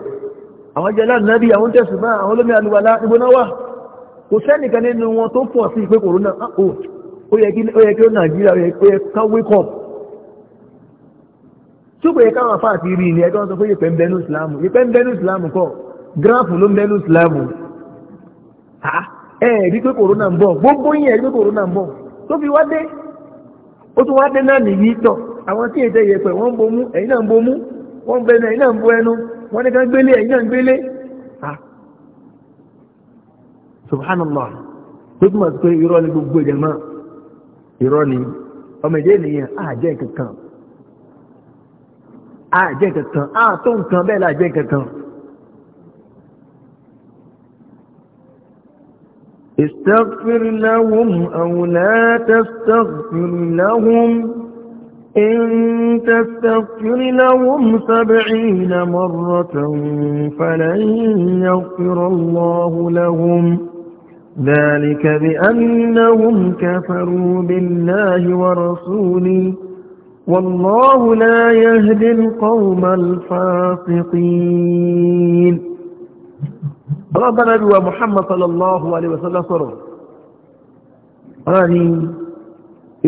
àwọn jẹ́ lánàábí àwọn tẹ̀sùn náà àwọn olómi alùwàlá ìbóná wà kò sẹ́nìkan nínú wọn tó fọ̀ sí pé kòrónà ah, oh, ó yẹ kí ó nàìjíríà ó yẹ ká wake up túbọ̀ yẹ káwọn afá àti rí ilé ẹjọ́ sọ pé yẹpẹ̀ ń bẹnu ìsìlámù yẹpẹ̀ ń bẹnu ìsìlámù kọ́ gíráfù ló ń bẹnu ìsìlámù ẹ̀ẹ̀rí pé korona ń bọ̀ gbogbo yín ẹ̀rí pé kòrónà ń bọ̀ tó fi wá dé ó tún wá dé náà nìyí tọ̀ àwọn tí èdè yẹpẹ̀ wọ́n ń bomú ẹ̀yin náà ń bomú wọ́n ń náà ń bo ẹnu wọ́n ní ká gbélé náà ń gbélé subhanallah tó túmọ̀ sí pé irọ́ ni gbogbo irọ́ ni ọmọ ìdí ènìyàn á jẹ́ á استغفر لهم أو لا تستغفر لهم إن تستغفر لهم سبعين مرة فلن يغفر الله لهم ذلك بأنهم كفروا بالله ورسوله والله لا يهدي القوم الفاسقين ọlọ́run bá nàbí wa muhammad sallallahu alayhi wa sallam sọ̀rọ̀ ọlọ́run ni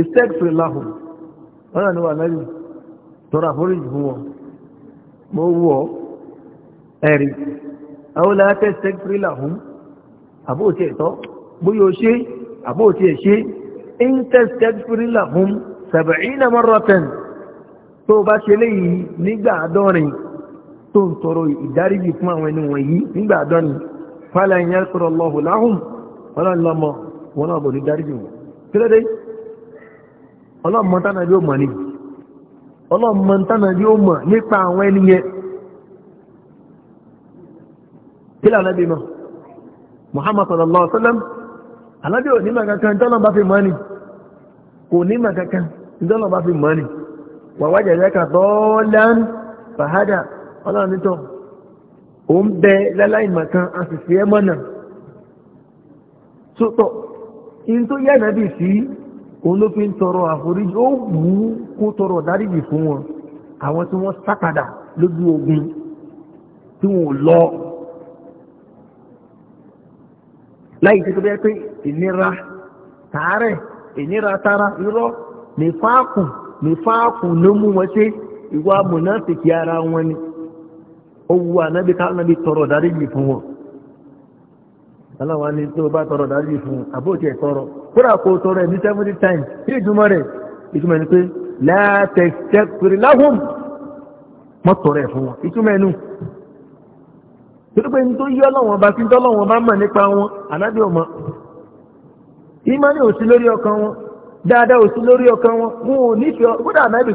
istaghfir lahum ọlọ́run ni wà nàbí tọrọ àforíjì fún wọn mo wọ ẹ̀rí àwọn olùhàtẹ́ istaghfir lahum àbóòtí ẹ̀tọ́ bóyá o ṣe àbóòtí ẹ̀ ṣe in tastaghfir lahum sab'ina marratan tó bá ṣe léyìí nígbà àádọ́rin fàlẹ̀ ìyẹn kúrò lọ́hùn láhùn ọlọ́lọ́mọ wọn náà bò ní dáríjì wọn kí lóde ọlọ́mọ tánà yóò mọ̀ ní ọlọ́mọ tánà yóò mọ̀ nípa àwọn ẹni yẹn kí lànà bí mọ̀ Muhammad sallallahu alaihi alábí ò ní màkà kan bá fi mọ́ kò ní màkà kan bá fi mọ́ ni wàwájà yẹ kà bọ́ọ̀lá ó ń bẹ láláìmọ̀kan àṣìṣe ẹ mọ́nà sótọ̀ in tó yá nàbì sí òun ló fi ń tọrọ àforíjì ó wù ú kó tọrọ dáríjì fún wọn àwọn tí wọ́n sápadà lójú ogun tí wọ́n lọ láì tí tó bẹ́ẹ̀ pé ìnira tààrẹ̀ ìnira tara irọ́ nífàákùn nífàákùn ló mú wọn ṣe ìwà mùnáfìkì ara wọn ni owó anábí kánábí tọrọ dárí yìí fún wọn aláwọn ni tó bá tọrọ dárí yìí fún àbóòtí ẹ̀ tọrọ kúrò àpò tọrọ ẹ̀mí seventy times kí ìtumọ̀ rẹ̀ ìtumọ̀ ẹni pé látẹ̀sẹ̀ pèrè láhùn mọ́ tọrọ ẹ̀ fún wọn ìtumọ̀ ẹnu torí pé ní tó yí ọlọ́wọ́n bá fi tọ́lọ́wọ́n bá mọ̀ nípa wọn anábí ọmọ ìmánì ò sí lórí ọkàn wọn dáadáa ò lórí ọkàn wọn wọn ò nífẹ̀ẹ́ kódà anábì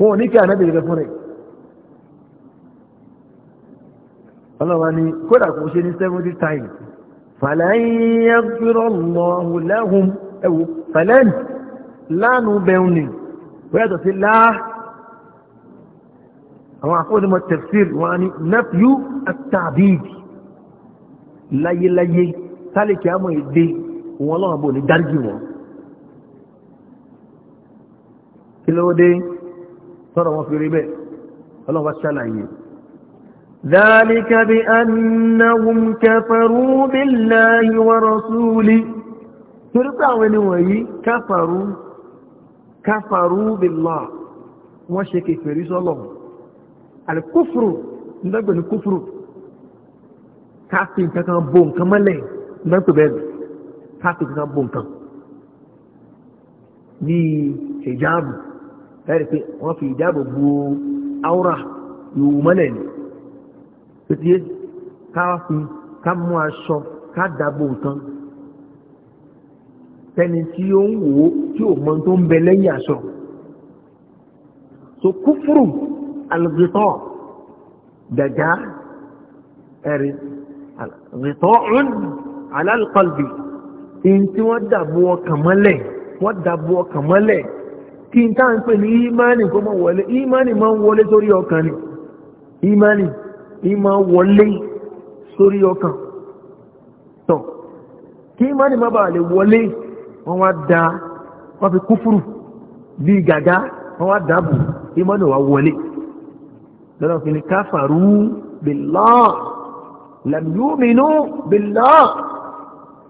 wọn ò ní kí ànábì rẹ fún rẹ ọlọ́wà ni kódà kò ṣe ní seventy times fàlàyé yẹ́gbẹ́rọ̀ lọ́hùn lẹ́hùn ẹ̀wò fàlẹ́ǹtì lánàá bẹ̀rù ni wẹ́ẹ̀dọ̀ sí láà àwọn àkóónimọ̀ tafsir wọn ni nephew àtàbíìdì láyéláyé tálíkì àmọ́ èdè wọn lọ́wọ́ bò ní dáríjì wọn kí ló tọ́rọ wọn fi rí bẹ́ẹ̀ ọlọ́wọ́ ṣàlàyé ذلك بأنهم كفروا بالله ورسوله tìrítà àwọn ẹni wọ̀nyí káfàrú káfàrú billah wọ́n ṣe kèfèrí sọ́lọ̀ alkúfùrù ndọ́gbẹ̀ ní kúfùrù káfí nǹkan kan bò nǹkan mọ́lẹ̀ ndọ́gbẹ̀ bẹ́ẹ̀ káfí nǹkan bò nǹkan ní hijabu ẹ̀rí pé wọ́n fi ìdáàbò bo áwòrà ìwò mọ́lẹ̀ ni tó ti yé ká fi ká mú aṣọ ká dàbò tán tẹni tí ó ń wò ó tí ò mọ tó ń bẹ lẹ́yìn aṣọ so kúfúrù alùpùpù dàgá ẹ̀rí rìtọ́ọ̀rùn alálùpàlùbì tí wọ́n dàbò ọkàn mọ́lẹ̀ wọ́n dàbò ọkàn mọ́lẹ̀ kí n táà ń pè ní ìmánì kó mọ́ wọlé ìmánì máa ń wọlé sórí ọkàn ni ìmánì ìmá wọlé sórí ọkàn tọ̀ kí ìmánì má bàa lè wọlé wọ́n wá da wọ́n fi kúfùrù bí gàgá wọ́n wá dàbò ìmánì wá wọlé lọ́nà fi ni káfàrú billah lam yu'minu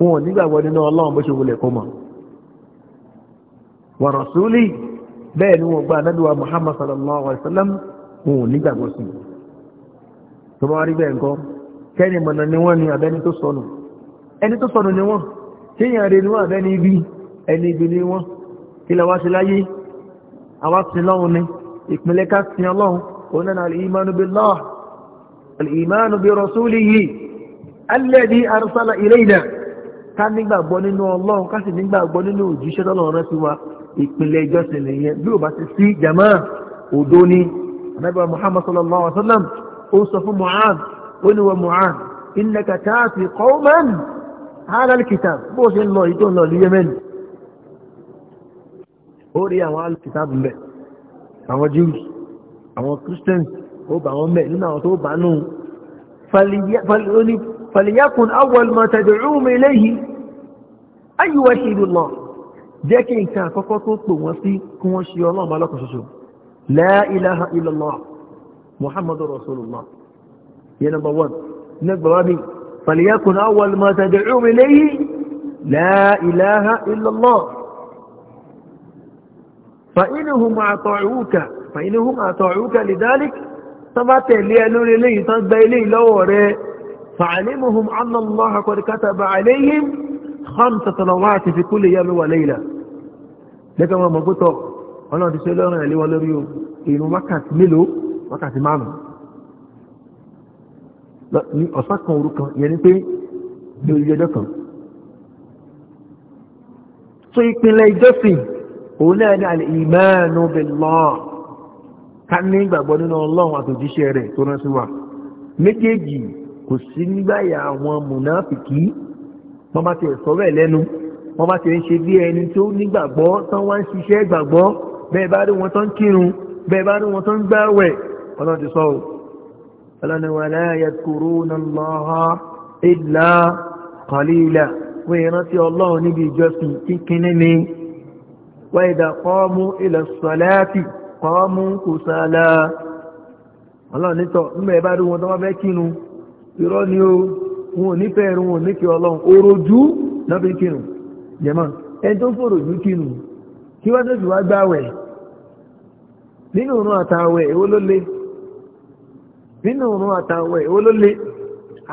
wọn nígbàgbọ́ nínú ọlọ́run bó ṣe wọlé kó mọ̀ wa rasuli bẹ́ẹ̀ ni wọ́n gba anábíwá muhammad sallallahu alayhi wa sallam wọn ò nígbàgbọ́ sí i tó bá rí bẹ́ẹ̀ nǹkan kẹ́ni mọ̀nà ni wọ́n ni àbẹ́ni tó sọnù ẹni tó sọnù ni wọ́n tí èèyàn rẹ̀ ni wọ́n àbẹ́ni ibi ẹni ibi ni wọ́n kí lọ wá sí láyé àwa sí lọ́hùn ni ìpínlẹ̀ ká sí ọlọ́hun òun náà al-imanu billah al-imanu bi rasulihi alladhi ká nígbàgbọ́ nínú ọlọ́hun ká sì nígbàgbọ́ nínú òjíṣẹ́ tọ́lọ́run ìpínlẹ̀ ìjọsìn nìyẹn bí ò bá ti sí jama òdo ni anábìá muhammad sallallahu alaihi wa sallam ó sọ fún mu'ad ó ní wa mu'ad innaka ta'ti qauman ala al-kitab bó ṣe ń lọ yìí tó ń lọ ní yemen ó rí àwọn al-kitab mbẹ àwọn jews àwọn christians ó bá wọn mbẹ nínú àwọn tó bá nù faliyakun awwal ma tad'uhum ilayhi an jẹ́ kí nǹkan àkọ́kọ́ tó pè wọ́n sí kí wọ́n ṣe ọlọ́run alọ́kan ṣoṣo la ilaha illallah muhammadu rasulullah yẹn number one number one falyakun awwal ma tad'uhum ilayhi la ilaha illallah fa innahum ata'uka fa innahum ata'uka lidhalik lẹ́kẹ́ wọn mọ̀ gbótọ̀ ọlọ́run ti ṣe lọ́rùn ẹ̀lẹ́wọ́ lórí o ìrun wákàtí mélòó wákàtí márùn ní ọ̀sán kan òru kan ìyẹn ni pé ní orí ọjọ́ kan tó ìpínlẹ̀ ìjọsìn òun náà ní àlè ìmẹ́ẹ̀nù billah ká ní wọ́n bá ti ń ṣe bí ẹni tó nígbàgbọ́ tán wá ń ṣiṣẹ́ gbàgbọ́ bẹ́ẹ̀ bá rí wọn tán kírun bẹ́ẹ̀ bá rí wọn tán gbáwẹ̀ ọlọ́run sọ ọ́ ọlọ́run láàyè kúrú nàlọ́ha ìlà kọ̀lílà wọ́n ìrántí ọlọ́run níbi ìjọsìn kíkíní ni wọ́n ìdà kọ́ọ̀mù ilẹ̀ sọ̀láàtì kọ́ọ̀mù kùsàlà ọlọ́run nítọ̀ nígbà bá rí wọn tán wá fẹ́ kírun irọ́ ni ó wọn ò nífẹ̀ẹ́ wọn ò nífẹ̀ẹ́ ọlọ́run òròjú náà kírun jẹ́mọ́ ẹni tó fòrò jù kínú kí wá tó fi wá gbáwẹ̀ nínú òun àtàwẹ̀ èwo ló le nínú òun àtàwẹ̀ èwo ló le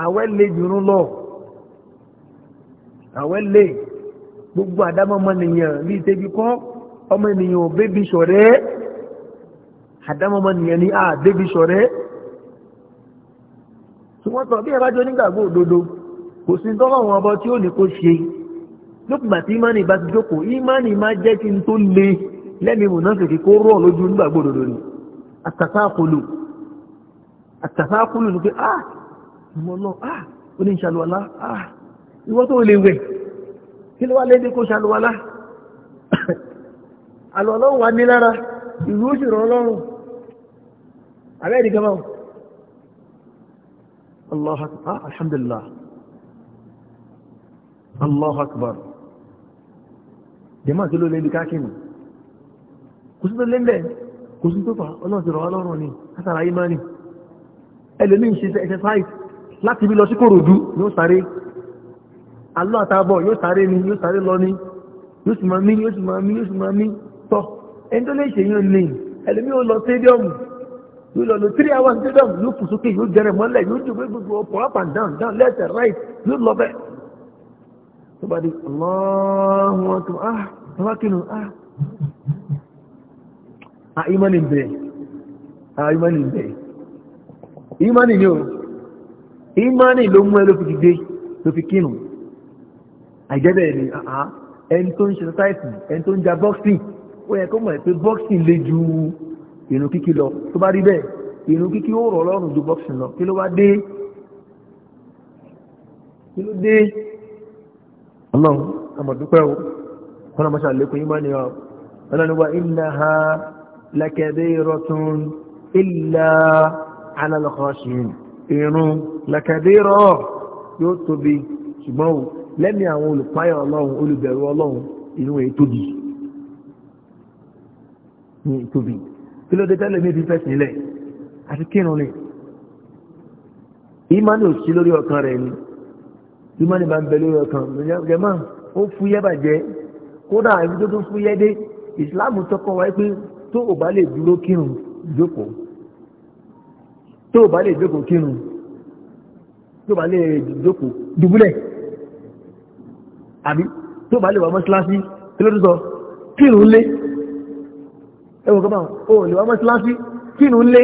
àwẹ̀ le jùrún lọ àwẹ̀ le gbogbo àdámọ́ ọmọnìyàn bíi tẹ́bi kọ́ ọmọ ènìyàn ò bébí ṣọ̀rẹ́ àdámọ́ ọmọnìyàn ni a bébí ṣọ̀rẹ́ tí wọ́n sọ bí ẹ bá jọ nígbàgbọ́ òdodo kò sí tọ́lọ́wọ́n ọbọ tí ó ní kó ṣe lókùnbà tí ìmánì bá ti jókòó ìmánì máa jẹ́ kí n tó le lẹ́mìí mùnáfìkì kó rọ̀ lójú nígbàgbọ́ òdodo ni àtàfáàkùlù àtàfáàkùlù ni pé ah ìmọ̀ náà ah ó ní ìṣàlùwàlá ah ìwọ́ tó lè wẹ̀ kí ló wá lédè kó ṣàlùwàlá àlùwàlá wà ní lára ìlú ó rọ̀ ọlọ́run àbẹ́ ìdí gama Allah akbar ah, jẹ́mọ́ tí ló lé ní káàkiri kò sí tó lé mbẹ́ kò sí tó fà ọlọ́run ti rọ̀ wá lọ́rùn ni látara ayé máa ní ẹlòmíì ṣe exercise láti bí lọ sí kòròdú yóò sáré alọ́ àtàbọ̀ yóò sáré ni yóò sáré lọ ni yóò sì máa mí yóò sì máa mí yóò sì máa mí tọ́ ẹni tó lè ṣe yóò ní ẹlòmíì ó lọ stadiumu yóò lọ lọ three hours stadium yóò kù sókè yóò jẹrẹ mọ́lẹ̀ yóò jù gbogbo up and down down left and right yóò lọ bẹ́ẹ̀ tó bá di Allahu akbar ah tọ́wákìlù ah a ah, imani bẹ̀ a ah, imani bẹ̀ imani ni o imani ló mú ẹ ló fi dìde ló fi kírun àìjẹ́bẹ̀ ni ah, ẹni tó ń ṣe society ẹni tó ń ja boxing ó yẹ kó mọ̀ ẹ́ pé boxing le ju ìrun kíkí lọ tó bá rí bẹ́ẹ̀ ìrun kíkí ó rọ̀ lọ́rùn ju boxing lọ kí ló wá dé kí ló dé ọlọ́run ọmọdúpẹ́ o wọn mọ́ṣà lékún yíma ni ọ ọlọ́run wa innaha lakabiratun illa ala al-khashin irun lakabira yóò tóbi ṣùgbọ́n o lẹ́mí àwọn olùpáyà ọlọ́run olùbẹ̀rù ọlọ́run inú ẹ̀ tóbi ní tóbi kí ló dé tẹ́lẹ̀ mi fi fẹ́ sílẹ̀ àti kírun ni ìmánì òsì lórí ọkàn rẹ̀ ni bí mọ́ni bá ń bẹ lórí ọkàn jẹ́mọ́ ó fúyẹ́ bàjẹ́ kódà ibi tó tún fúyẹ́ dé ìsìláàmù tọkọ wáyé pé tó ò bá lè dúró kírun jókòó tó ò bá lè jókòó kírun tó ò bá lè jókòó dùbúlẹ̀ àbí tó ò bá lè wà mọ́síláṣí kí ló tún sọ kírun lé ẹ̀wọ̀n kọ́ bá ò lè wà mọ́síláṣí kírun lé.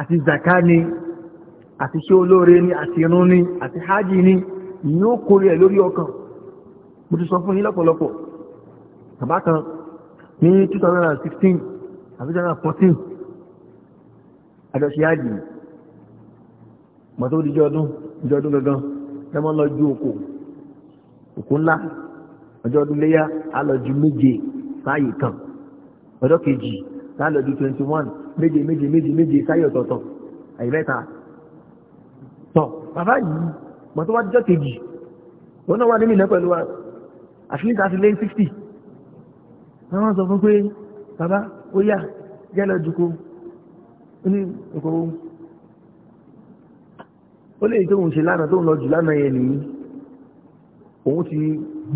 àti zaka ni àti ṣe olóore ni àti irun ni àti hajj ni yóò kórè ẹ̀ lórí ọkàn mo ti sọ fún yín lọ́pọ̀lọpọ̀ bàbá kan ní 2016 2014 àjọṣe hajj mọ̀tò díjọ́ ọdún ọdụ ọdún gangan lẹ́mọ́ lọ ju òkò òkú ńlá ọjọ́ ọdún léyà á lọ ju méje kan ọjọ́ kejì 21 méje méje méje méje sáyé ọ̀tọ̀ọ̀tọ̀ àyè mẹ́ta tọ̀ bàbá yìí mọ̀tọ́ wá jọ́ kejì wọn náà wà nínú ìná pẹ̀lú wa àfihàn àti lé sixty wọn wá sọ fún pé bàbá ó yà jẹ́ lọ dùkú ó ní nǹkan ó ó lè tó ń ṣe lánàá tó ń lọ jù lánàá yẹn nìyí òun ti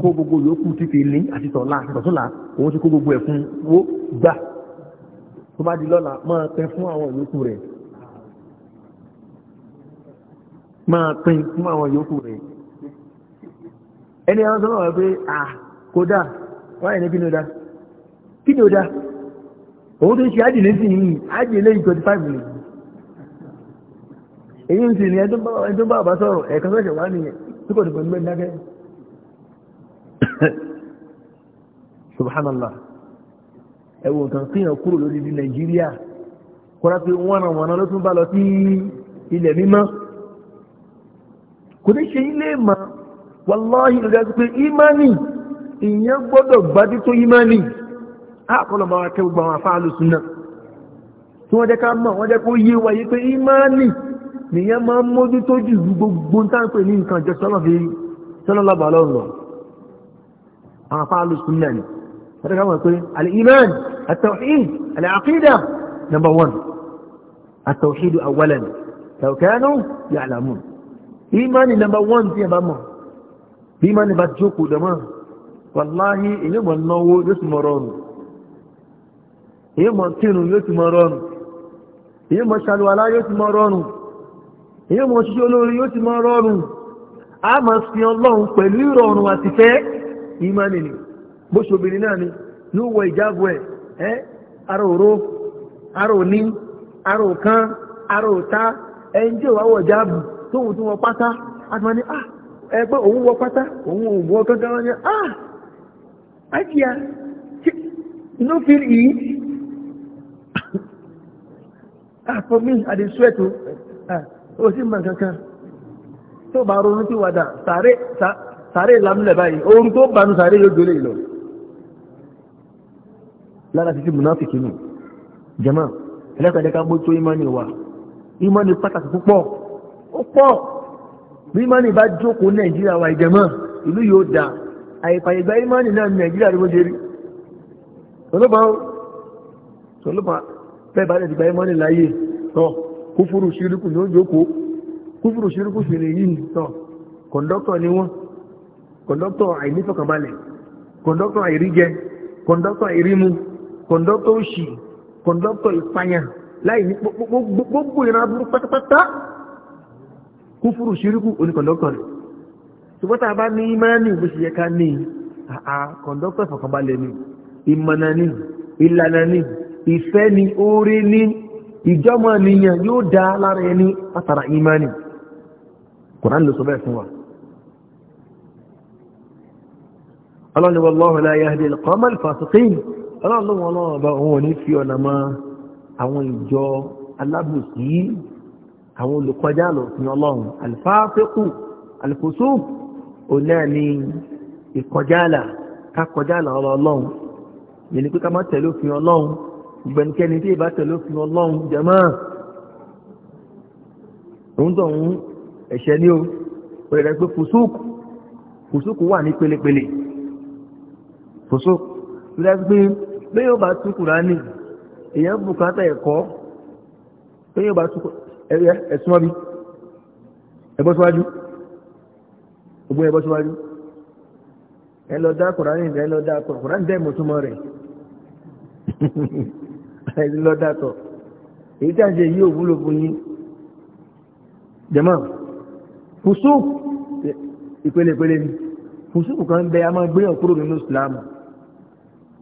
kó gbogbo yòókù títí ní àti tọ̀la àti tọ̀túnla òun ti kó gbogbo ẹ̀ fún wó gbà tó bá di lọ́la máa pín fún àwọn yòókù rẹ̀ máa pín fún àwọn yòókù rẹ̀ ẹni àwọn sọ́nà wà pé à kò dáa wáyé ní kí ni ó dáa kí ni ó dáa òun tó ń ṣe ájì lẹ́sìn yìí ájì lẹ́yìn twenty five minutes èyí ń sì ní ẹni tó bá bàbá sọ̀rọ̀ ẹ̀ẹ̀kan sọ̀ṣẹ̀ wá nìyẹn tí kò dìbò ní mẹ́rin dákẹ́ subhanallah ẹ̀wọ̀n kan kíyàn kúrò lórí ní nàìjíríà kọ́ra pé wọ́n ràn wọ́n ló tún bá lọ sí ilẹ̀ mímọ́ kò ní ṣe ilé mọ́ wàláhì ló dájú pé ìmánì ìyẹn gbọ́dọ̀ gbájú tó ìmánì àkọlọ̀ máa kẹ́ gbogbo àwọn afáàlù súnà tí wọ́n jẹ́ ká mọ̀ wọ́n jẹ́ kó yé wáyé pé ìmánì nìyẹn máa ń mójútó jù gbogbo táǹpẹ̀ ní nǹkan jẹ́ sọ́nà fi sọ́nà lábàá lọ́rùn lọ àwọn afáàlù súnà ni wọ́n jẹ́ ká mọ̀ pé àlè ìmánì التوحيد العقيدة نمبر 1 التوحيد أولا لو كانوا يعلمون إيماني نمبر 1 في أمامه إيماني باتجوكو دماغ wàláhí èyàn mọ̀ náwó yóò ti mọ̀ rọrùn èyàn mọ̀ kírun yóò ti mọ̀ rọrùn èyàn mọ̀ ṣàlùwàlá yóò ti mọ̀ rọrùn èyàn mọ̀ ṣíṣẹ́ olórin yóò ti mọ̀ rọrùn a mọ̀ sí ọlọ́run pẹ̀lú ìrọ̀rùn àti fẹ́ ìmánìlì bó ṣe obìnrin náà ni yóò wọ ìjábọ̀ ẹ̀ ara òró ara òní ara òkan ara òta ẹni tí òwà tó wọ pátá àti ni ah owó òun wọ pátá òun ò wọ kankan wọn ni ah àjíyà no feel it ah for me i dey sweat o ah o sì mọ kankan tó bá ronú tí wàdà báyìí tó lára títí munafiki nù jama ẹlẹ́kàdẹ́ka mójútó imani wa imani pàtàkì púpọ̀ ó pọ̀ bí imani bá jókòó nàìjíríà wa ìjẹmọ́ ìlú yóò da àìfàyègbà imani náà nàìjíríà rí wọ́n jẹ́rí tọ́lọ́bàá tọ́lọ́bàá fẹ́ bá lẹ́dìgbà imani láyé tọ́ kúfúrú ṣírúkù ní ó jókòó kúfúrú ṣírúkù sì rèé yìí tọ́ kọ̀ǹdọ́tọ̀ ni wọ́n kọ̀ǹdọ́tọ̀ àìnífọ̀kànbalẹ̀ kọ̀ǹdọ́tọ̀ àìríjẹ kọ̀ǹdọ́tọ̀ àìrímu kọ̀ǹdọ́tọ̀ òṣì kọ̀ǹdọ́tọ̀ ìpayàn láì ní gbogbo ìran aburú pátápátá kúfúrú ṣíríkù oníkọ̀ǹdọ́tọ̀ rẹ̀ ṣùgbọ́n tá a bá ní ìmánì bó ṣe yẹ ká ní àà kọ̀ǹdọ́tọ̀ ìfọ̀kànbalẹ̀ ni ìmọ̀nà ni ìlànà ni ìfẹ́ ni oore ni ìjọmọ̀ nìyàn yóò dá lára ẹni látara ìmánì kùrán ló sọ bẹ́ẹ̀ fún wa ọlọ́ni wallahu la yahdi al-qawma ọlọ́run ọlọ́run ọba òun ò ní fi ọ̀nà mọ àwọn ìjọ alábòsí àwọn olùkọjá lòfin ọlọ́run àlùfáàfẹ́kù àlùkòsó òun ìkọjáàlà kákọjáàlà ọlọ́run yẹn ni pé ká má tẹ̀lé òfin ọlọ́run gbẹnikẹ́ni tí ìbá tẹ̀lé òfin ọlọ́run jẹ̀mọ́ òun tó ń ẹ̀ṣẹ̀ ní o ó yẹ pé fùsùkù fùsùkù wà ní pẹ̀lẹ́pẹ̀lẹ́ fùsùkù bí yóò bá tú kùránì èèyàn bùkátà ẹ̀kọ́ bí yóò bá tú ẹ̀sùn ọbí ẹ̀bọ́ síwájú ogun ẹ̀bọ́ síwájú ẹ lọ dá kùránì ẹ lọ dá tọ̀ kùránì dẹ́ ìmọ̀túnmọ̀ rẹ̀ ẹ lọ dá tọ̀ èyí tí a ṣe yí òwúlò fún yín jẹ́mọ́ fùsùkù ìpele ìpele ni fùsùkù kan bẹ a máa gbé ọ̀kúrò nínú ìsìlámù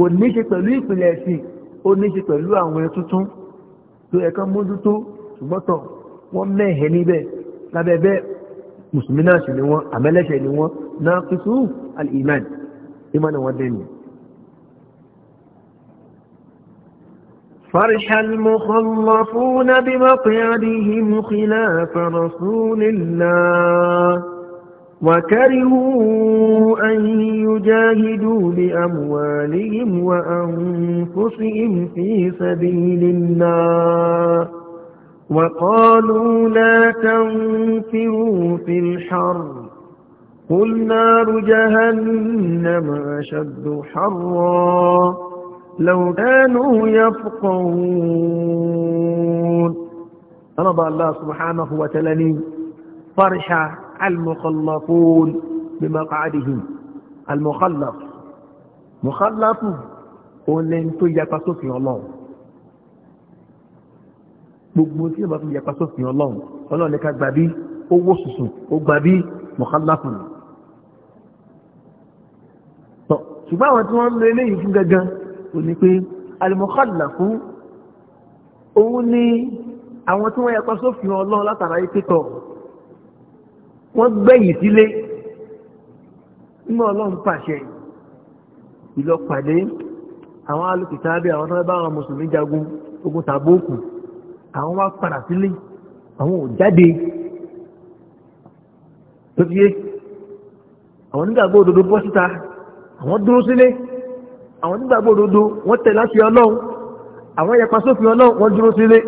kò ní ṣe pẹ̀lú ìpìlẹ̀ ẹ̀sìn ó ní ṣe pẹ̀lú àwọn tuntun tó yẹ kán mójútó ṣùgbọ́tọ̀ wọ́n mẹ́hẹ̀ níbẹ̀ lábẹ́ bẹ́ẹ̀ mùsùlùmí náà sì ni wọ́n àmẹ́lẹ́ṣẹ̀ ni wọ́n náà fi sùúrù al-iman naa se ni wọ́n dẹ́nu. فرح المخلفون بمقعدهم خلاف رسول الله وكرهوا أن يجاهدوا بأموالهم وأنفسهم في سبيل الله وقالوا لا تنفروا في الحر قل نار جهنم أشد حرا لو كانوا يفقهون رضى الله سبحانه وتعالى فرحة المخلطون بمقعدهم المخلط مخلط ولن tó yapa sófin ọlọ́run gbogbo tí yóò bá fi yapa sófin ọlọ́run ọlọ́run nìkan gbà bí owó sùsùn ó gbà bí mọ̀kálàfùn tọ́ ṣùgbọ́n àwọn tí wọ́n ń lo eléyìí fún gangan kò ní pé alimọ̀kálàfùn òun ni àwọn tí wọ́n yapa sófin ọlọ́run látara ìpẹ́tọ̀ wọ́n gbẹ̀yìn sílé nígbà ọlọ́run pàṣẹ ìlọpàdé àwọn alùpùpù àwọn tó bá àwọn mùsùlùmí jagun ogun tàbókù àwọn wá padà sílé àwọn ò jáde tó fi yé àwọn onígbàgbọ́ òdodo bọ́ síta àwọn dúró sílé àwọn onígbàgbọ́ òdodo wọ́n tẹ̀ láti ọlọ́run àwọn yẹpa sófin ọlọ́run wọ́n dúró sílé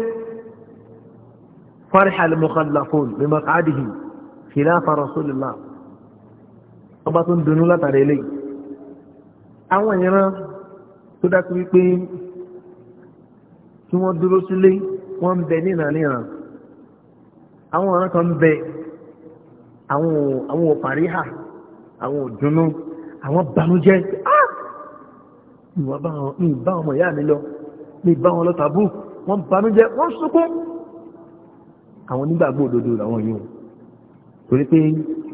khilafa rasulillah ọba tó ń dunú látàrí eléyìí àwọn ìran tó dákú wípé tí wọ́n dúró sílé wọ́n ń bẹ nínà níran àwọn ọ̀ràn kan ń bẹ àwọn òpàríhà àwọn òdùnnú àwọn banújẹ́ ìwọ̀n bá ọmọ ìyá mi lọ ní bá wọn lọ tàbú wọ́n banújẹ́ wọ́n sunkún àwọn onígbàgbọ́ òdodo làwọn yóò torí pé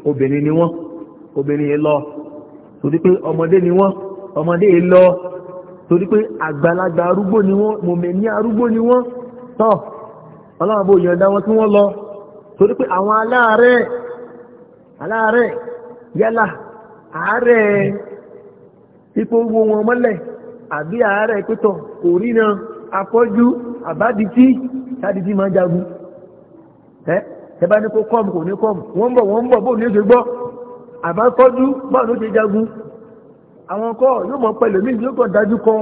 obìnrin ni wọ́n obìnrin yẹn lọ torí pé ọmọdé ni wọ́n ọmọdé yẹn lọ torí pé àgbàlagbà arúgbó ni wọ́n mòmìnì arúgbó ni wọ́n tọ́ ọlọ́run bó yọ̀ǹda wọn tí wọ́n lọ torí pé àwọn aláàárẹ̀ aláàárẹ̀ yálà àárẹ̀ ipò wo wọn mọ́lẹ̀ àbí àárẹ̀ pẹ́tọ̀ kò rí náà afọ́jú àbádìtí sádìtí máa jagun tẹ́bá ní kó kọ́ọ̀mù kò ní kọ́ọ̀mù wọ́n bọ̀ wọ́n bọ̀ bóun ní ṣe gbọ́ àbá tọ́jú báwọn ló ṣe jagun àwọn kọ́ yóò mọ̀ pẹ̀lú mí yóò kàn dájú kọ́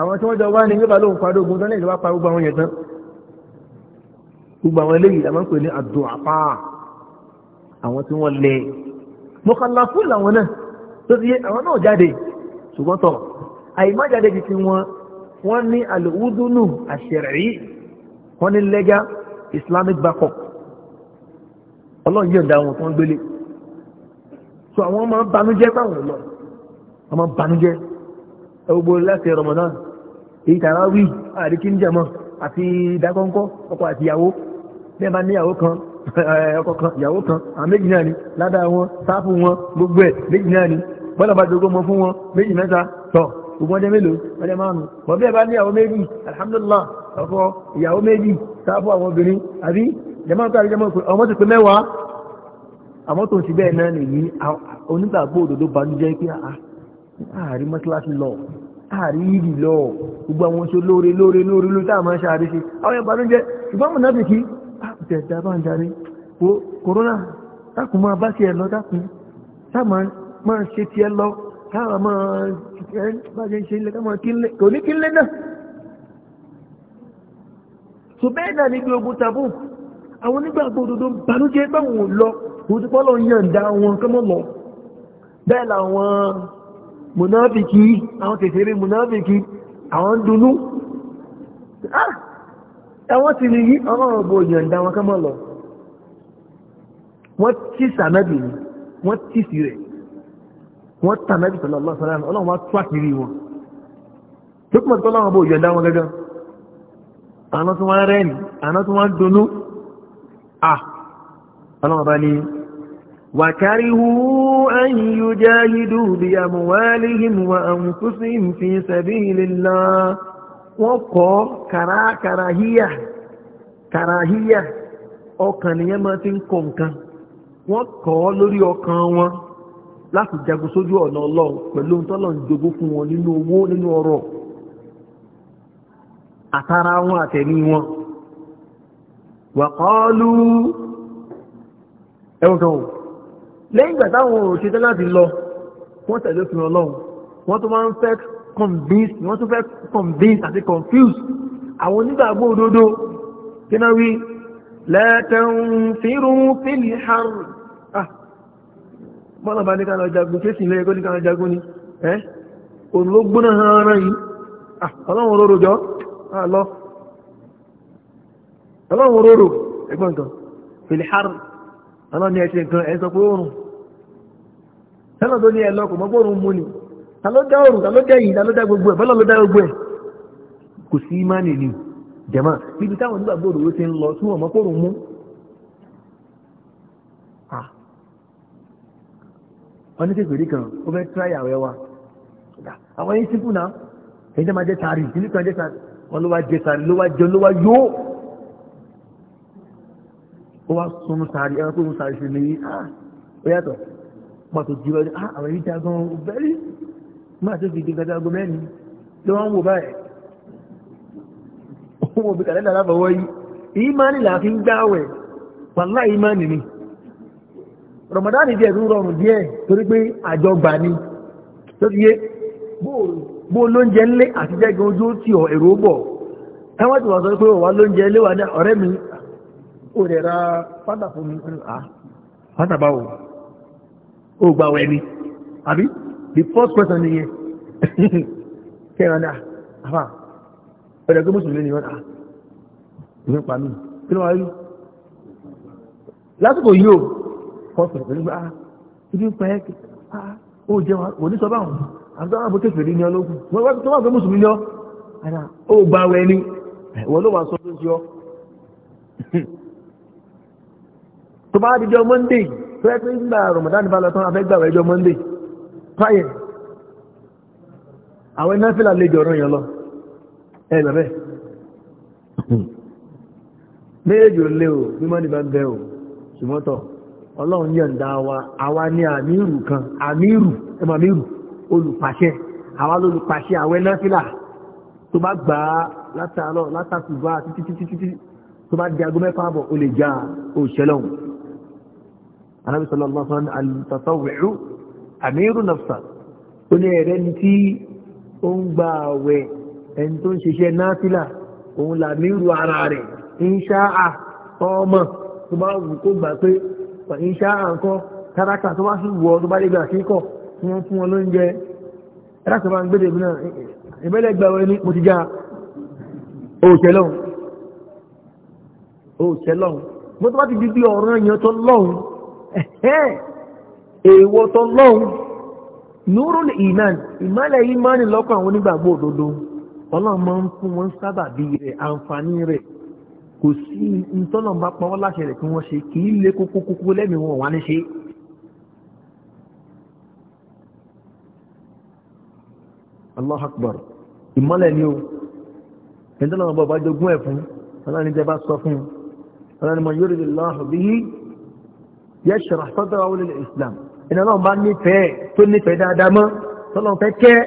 àwọn tí wọ́n jọ wá ní yóò bá lóun parí ogun tán lẹ́yìn ló wá pa gbogbo àwọn yẹn tán gbogbo àwọn eléyìí la máa pè ní àdùn àpá àwọn tí wọ́n lẹ̀ mọ̀kànlá fún làwọn náà tó ti yé àwọn náà jáde ṣùgbọ́n tọ̀ àìmájáde ti ti wọn wọ́n ní àlùwúdúnù àṣẹ̀rẹ̀ yìí wọ́n ní lẹ́gà islamic backup ọlọ́run yóò da wọn tó ń gbélé so àwọn máa ń banújẹ́ báwọn lọ wọn máa ń banújẹ́ gbogbo láti Ramadan èyí tààrà wí àríkí níjàmọ́ àti ìdákọ́ńkọ́ ọkọ àti ìyàwó bẹ́ẹ̀ bá níyàwó kan ọkọ kan ìyàwó kan àwọn méjì náà ni ládàá wọn sáfù wọn gbogbo ẹ̀ méjì náà ni bọ́lá bá dogo mọ fún wọn méjì mẹ́ta tọ̀ gbogbo ọdẹ mélòó ọdẹ márùn wọn bẹ́ẹ̀ bá níyàwó méjì alhamdulillah ọkọ ìyàwó méjì sáfù àwọn obìnrin àbí jẹ́mọ́ tó àrí jẹ́mọ́ pé ọmọ ti pé mẹ́wàá àmọ́ tó ń ti bẹ́ẹ̀ náà nìyí onígbàgbọ́ òdòdó banújẹ́ pé ààrí ah, mọ́síláṣí lọ ààrí ìrì lọ gbogbo àwọn oṣù lóore lóore lóore lóore táà máa ń ṣàárẹ̀ ṣe àwọn ẹ̀ banújẹ́ ṣùgbọ́n mọ̀ náà fi kí àtẹ̀dá ah, bá ń darí wo kòrónà tákùn máa bá sí ẹ lọ dákun táà máa ṣe tiẹ̀ lọ táà máa bá ṣe ń ṣe ilẹ̀ kò ní kí ń lé náà so bẹ́ẹ̀ náà ní gbogbo tabu àwọn onígbàgbọ́ òdodo bànújẹ́ báwọn lọ òtúpọ́lọ̀ yànda wọn kọ́mọ́ lọ bẹ́ẹ̀ làwọn mùnáfìkì àwọn kèfèrè mùnáfìkì àwọn dunú ah! ẹwọ́n ti rí ọlọ́run bó yànda wọn kọ́mọ́ lọ wọ́n tí sànábì ni wọ́n tí sí rẹ̀ wọ́n tànábì sọ̀rọ̀ ọlọ́run ọlọ́run wá tó àkìrí wọn tó kùmọ̀ tọ́lọ́run bó yànda wọn gẹ́gẹ́ àwọn tó wọ́n rẹ́ni àwọn tó wọ́n dunú ah ọlọ́run bá ní وكرهوا أن يجاهدوا بأموالهم وأنفسهم في سبيل الله وقوا كرا كراهية كراهية ọkàn nìyẹn máa ti ń kọ nǹkan wọn láti jagun sójú ọ̀nà ọlọ́run pẹ̀lú ohun wọn wọn wàkọ́ọ́lú ẹwùkan ò lẹ́yìn ìgbà táwọn òṣèṣẹ́ láti lọ wọ́n tẹ̀lé òfin ọlọ́run wọ́n tó máa ń fẹ́ convince wọ́n tó fẹ́ convince àti confuse àwọn onígbàgbọ́ òdodo kí náà wí lẹ́tẹ̀ǹfìrú fìlì harù ah! bọ́nà bá ní ká lọ jagun fèsì ilẹ̀ ẹgbẹ́ ní ká lọ jagun ni ẹ́ òun ló gbóná hàn ara yìí ah! ọlọ́run rọrọ̀ jọ lọ ọlọ́run róró ẹgbọ́n nǹkan filihar ọlọ́run ní ẹ̀ṣẹ̀ nǹkan ẹ̀ sọ pé oòrùn sẹ́nà tó ní ẹ̀lọ́kù mọ́gbọ́rún mú ni ta ló dá oòrùn ta ló dá yìí gbogbo gbogbo ni jẹ̀mọ́ níbi táwọn onígbàgbọ́ òdòdó ti ń lọ ó wá sún sàárì ẹran pé mo sàárì sí lè ah, ó yàtọ̀ pàtó jùlọ ní ah, àwọn èyí jagun bẹ́ẹ̀rí máa tó fi gbẹgbẹ jagun mẹ́rin ló wọ́n ń wò báyìí ó wò bí kàlẹ́dà lábọ̀wọ́ yìí èyí máa ní làáfi ń gbáwẹ̀ wàlá yìí máa nìní rọmọdánì díẹ̀ tó rọrùn díẹ̀ torí bó lóúnjẹ ńlé àti jẹ́gun ojú ó ti ọ̀ èrò bọ̀ táwọn ti wà sọ pé òwà lóúnjẹ ńlé wà ní ọ̀rẹ́ mi ó rẹ̀ ra fádà fún mi ah fádà báwo ó gbà wẹ̀ ni àbí the first question nìyẹn kẹrin náà ah, àfà ọ̀dẹ̀ gbé mùsùlùmí ni wọ́n ah ìwé pa mí kí ló wá rí lásìkò yìí ó kọsọ̀ pẹ̀lú pé ah ibi ń pẹ́ ah ó jẹ́ wa kò ní sọ báwọn àti àwọn àbúkẹ́ fèrè ní ọlọ́gùn wọ́n wá tó wà pé mùsùlùmí lọ ó gbà wẹ̀ ni wọ́n ló wà sọ tó bá dìjọ monday tó ẹ́ pé ramadan bá lọ tán afẹ́gbàwẹ̀ ẹjọ́ monday prior àwọn iná fílà lè jọ̀rọ̀ yẹn lọ ẹ bẹ̀rẹ̀ méjì ò lé o bí mọ́ni bá ń o ṣùgbọ́tọ̀ ọlọ́run yọ̀ǹda wa àwa ní àmírù kan àmírù ẹmọ àmírù olùpàṣẹ àwa lólùpàṣẹ àwọn iná fílà tó bá gbà á látàlọ́ látàkùbá títí títí tó bá di agó bọ̀ o lè já òṣèlọ́hùn anábì sallallahu alaihi wasallam alìtàtàwìrú àmírù nàfsà ó ní ẹ̀rẹ́ ni tí ó ń gba àwẹ̀ ẹni tó ń ṣiṣẹ́ náfìlà òun là mírù ara rẹ̀ ìṣáà ọmọ tó bá wù kó gbà pé ìṣáà nǹkan tálákà tó bá sì wù ọ tó bá lè gbà síkọ̀ fún wọn fún wọn lóúnjẹ ẹ̀rọ bá ń gbé dèbí náà eh, eh, ìbẹ́lẹ̀ gba ọ̀rẹ́ ní mo ti já òṣèlọ́hùn òṣèlọ́hùn mo tó bá ti di bí ọ̀ràn yẹn tó lọ́hùn èèwọ̀ tó lọ́hùn nurul iman ìmọ̀lẹ̀ iman lọ́kàn àwọn onígbàgbọ́ òdodo ọlọ́run máa ń fún wọn sábàbí rẹ̀ àǹfààní rẹ̀ kò sí ntọ́nà bá pa wọ́n láṣẹ rẹ̀ kí wọ́n ṣe kì í lé kókó kókó lẹ́mìí wọn ní ṣe. allah akbar ìmọ́lẹ̀ ni o ẹ̀ يشرح صدره للإسلام إن الله بان في تن في دا داما صلى الله عليه وسلم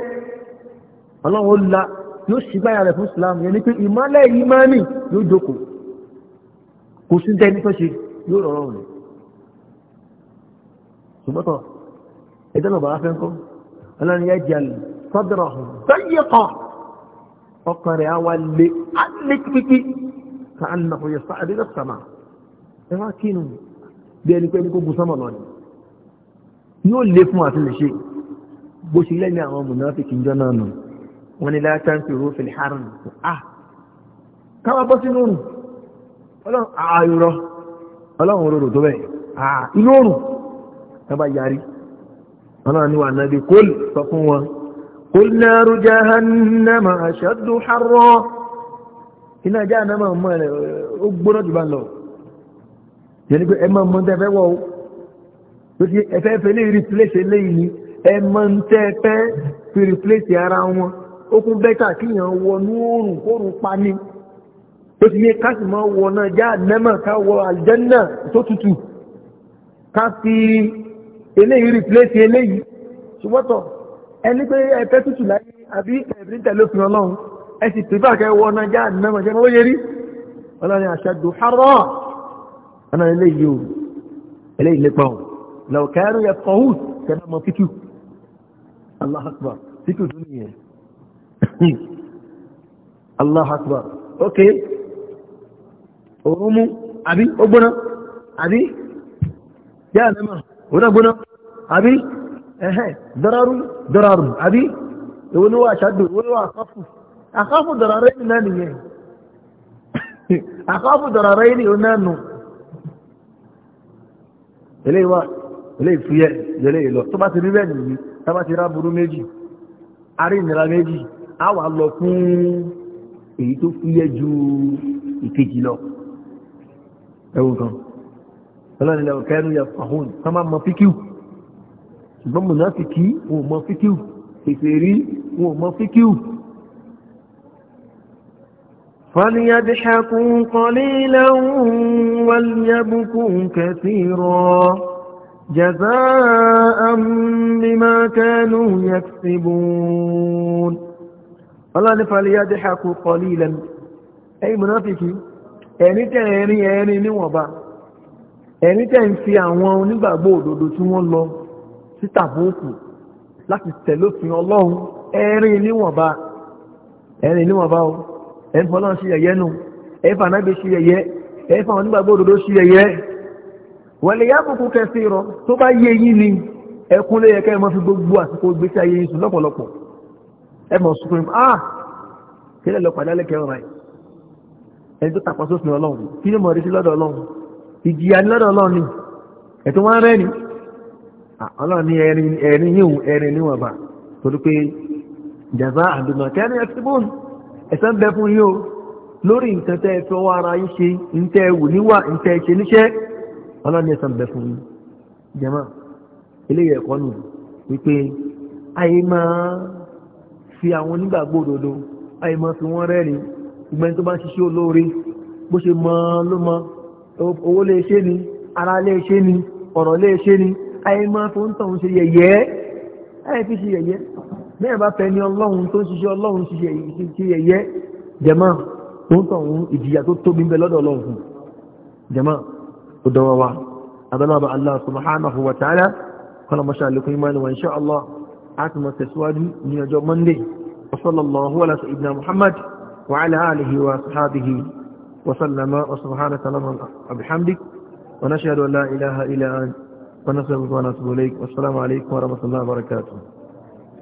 الله لا يشبع على الإسلام يعني في إيمان لا إيماني يجوكو كوشن تاني فشي يورونه ثم طبعا إذا ما بعرفكم انا ألن يجعل صدره ضيقا فقر أولي انك بك كأنه يصعد إلى السماء كينوا bí ẹni pé ní kó gun sánmà lọ ni yóò lé fún àti lè ṣe bó ṣe lẹ́yìn àwọn mùnáfíkì jọ náà nù wọn ni láta ń fi ró fìlì harin ah káwá bọ́ sínú òrùn ọlọ́run ààyòrọ ọlọ́run òróró tó bẹ̀ ah inú òrùn ẹ bá yarí ọlọ́run ni wà nábi kól sọ fún wọn kól náàrú jahannama ashaddu harra iná jahannama mọ́ ẹ̀ ó gbóná jù bá lọ yẹni pé ẹmọ mọ́ tẹ́ fẹ́ wọ́ o tó ti ẹfẹ́ fẹ́ lè replace eléyìí ni ẹmọ tẹ́ fẹ́ fi replace ara wọn ó kún bẹ́tà kíyàn wọnú oòrùn kóòrùn pa ni tó ti yẹ káàsì mọ́ wọ náà já nẹ́mọ̀ ká wọ àlùjànnà tó tutù ká fi eléyìí replace eléyìí ṣùgbọ́tọ̀ ẹni pé ẹfẹ́ tutù láyé àbí ẹ̀rí tẹ̀lé òfin ọlọ́run ẹ sì pè bá kẹ́ wọ náà já nẹ́mọ̀ jẹ́ mọ́ yẹrí ọlọ́run àṣẹ dùn hárọ̀ أنا إليه يوم إليه لطاهم لو كانوا يبقهوت كان ما فيتو الله أكبر فيتو دنيا الله أكبر أوكي أرمو أبي أبنا أبي يا نما هنا بنا أبي أه درار درار أبي ولو أشد ولو أخاف أخاف ضررين لا نيجي أخاف درارين ونانو eléyìí wà eléyìí fúyẹ́ eléyìí lọ tó bá ti rí bẹ́ẹ̀ nìyí tó bá ti ju ìkejì lọ ẹwù kan ọlọ́run ilẹ̀ ọ̀kẹ́ ẹnu yẹ fàhún tó máa mọ fíkíù ṣùgbọ́n mùnà fìkì wọn ò mọ fíkíù èsè rí wọn ò mọ fíkíù فليضحكوا قليلا وليبكوا كثيرا جزاء بما كانوا يكسبون الله فليضحكوا قليلا أي منافقي ẹni tẹ́ ẹ̀rin ẹ̀rin níwọ̀nba ẹni tẹ́ ń fi àwọn onígbàgbọ́ òdodo tí wọ́n lọ sí tàbókù láti tẹ̀lófin ọlọ́run ẹ̀rin níwọ̀nba ẹ̀rin níwọ̀nba o ẹ̀fọ́ náà sí ẹ̀yẹ́ nù ẹ̀fà náàbí sí ẹ̀yẹ́ ẹ̀fà wọn nígbàgbọ́ òdòdó sí ẹ̀yẹ́ wọ̀lẹ̀ yàbùkù kẹsí rọ tó bá yé yín ni ẹkún lé yẹkẹ́ mọ́ fi gbogbo àsìkò gbèsè ayé yín sùn lọ́pọ̀lọpọ̀ ẹ mọ̀ sùkúrìm ah kílẹ̀ lọ padà lẹ́kẹ́ ọ̀rọ̀ ẹ̀ ẹni tó tapọ̀ sófin ọlọ́run kí ni mọ̀ rí sí lọ́dọ̀ ọlọ́run ìjìyà ní lọ́dọ̀ ọlọ́run ni ẹ̀tún wọn rẹ́ ni ọlọ́run ni ẹ̀rin yíhun ẹ̀rin níwọ̀nba torí pé jàzá àdùnnà kẹ́rin ẹ̀sìn bóun ẹ̀san bẹ fún yín o lórí nǹkan tẹ́ ẹ fi ọwọ́ ara yín ṣe nǹkan ẹ wù níwà nǹkan ẹ ṣe níṣẹ́ ọlọ́ni ẹ̀san bẹ fún yín jẹ́mọ́ eléyìí ẹ̀kọ́ nù wípé ayé máa fi àwọn onígbàgbọ́ òdodo ayé máa fi wọ́n rẹ́rìn ìgbẹ́ni tó bá ń ṣiṣẹ́ olóore bó ṣe mọ ló mọ owó lè ṣe ni ara lè ṣe ni ọ̀rọ̀ lè ṣe ni ayé máa fi ń tọ̀hún bẹ́ẹ̀ bá fẹ́ ní ọlọ́run tó ń ṣiṣẹ́ ọlọ́run ṣiṣẹ́ ṣe ẹ̀yẹ jẹ̀mọ́ tó ń tọ̀hún ìjìyà tó tóbi ń bẹ lọ́dọ̀ ọlọ́run fún jẹ̀mọ́ ó dọwọ́ wa abẹ́lọ́ba Allah subhanahu wa ta'ala kọ́lọ́mọṣẹ́ àlékún imáni wa insha Allah a ti mọ̀ tẹ̀síwájú ní ọjọ́ Monday wa sallallahu ala sayyidina Muhammad wa ala alihi wa sahbihi wa sallama wa subhanaka allahumma wa bihamdik wa nashhadu an la ilaha illa anta wa nastaghfiruka wa natubu ilayk wa assalamu alaykum wa rahmatullahi wa barakatuh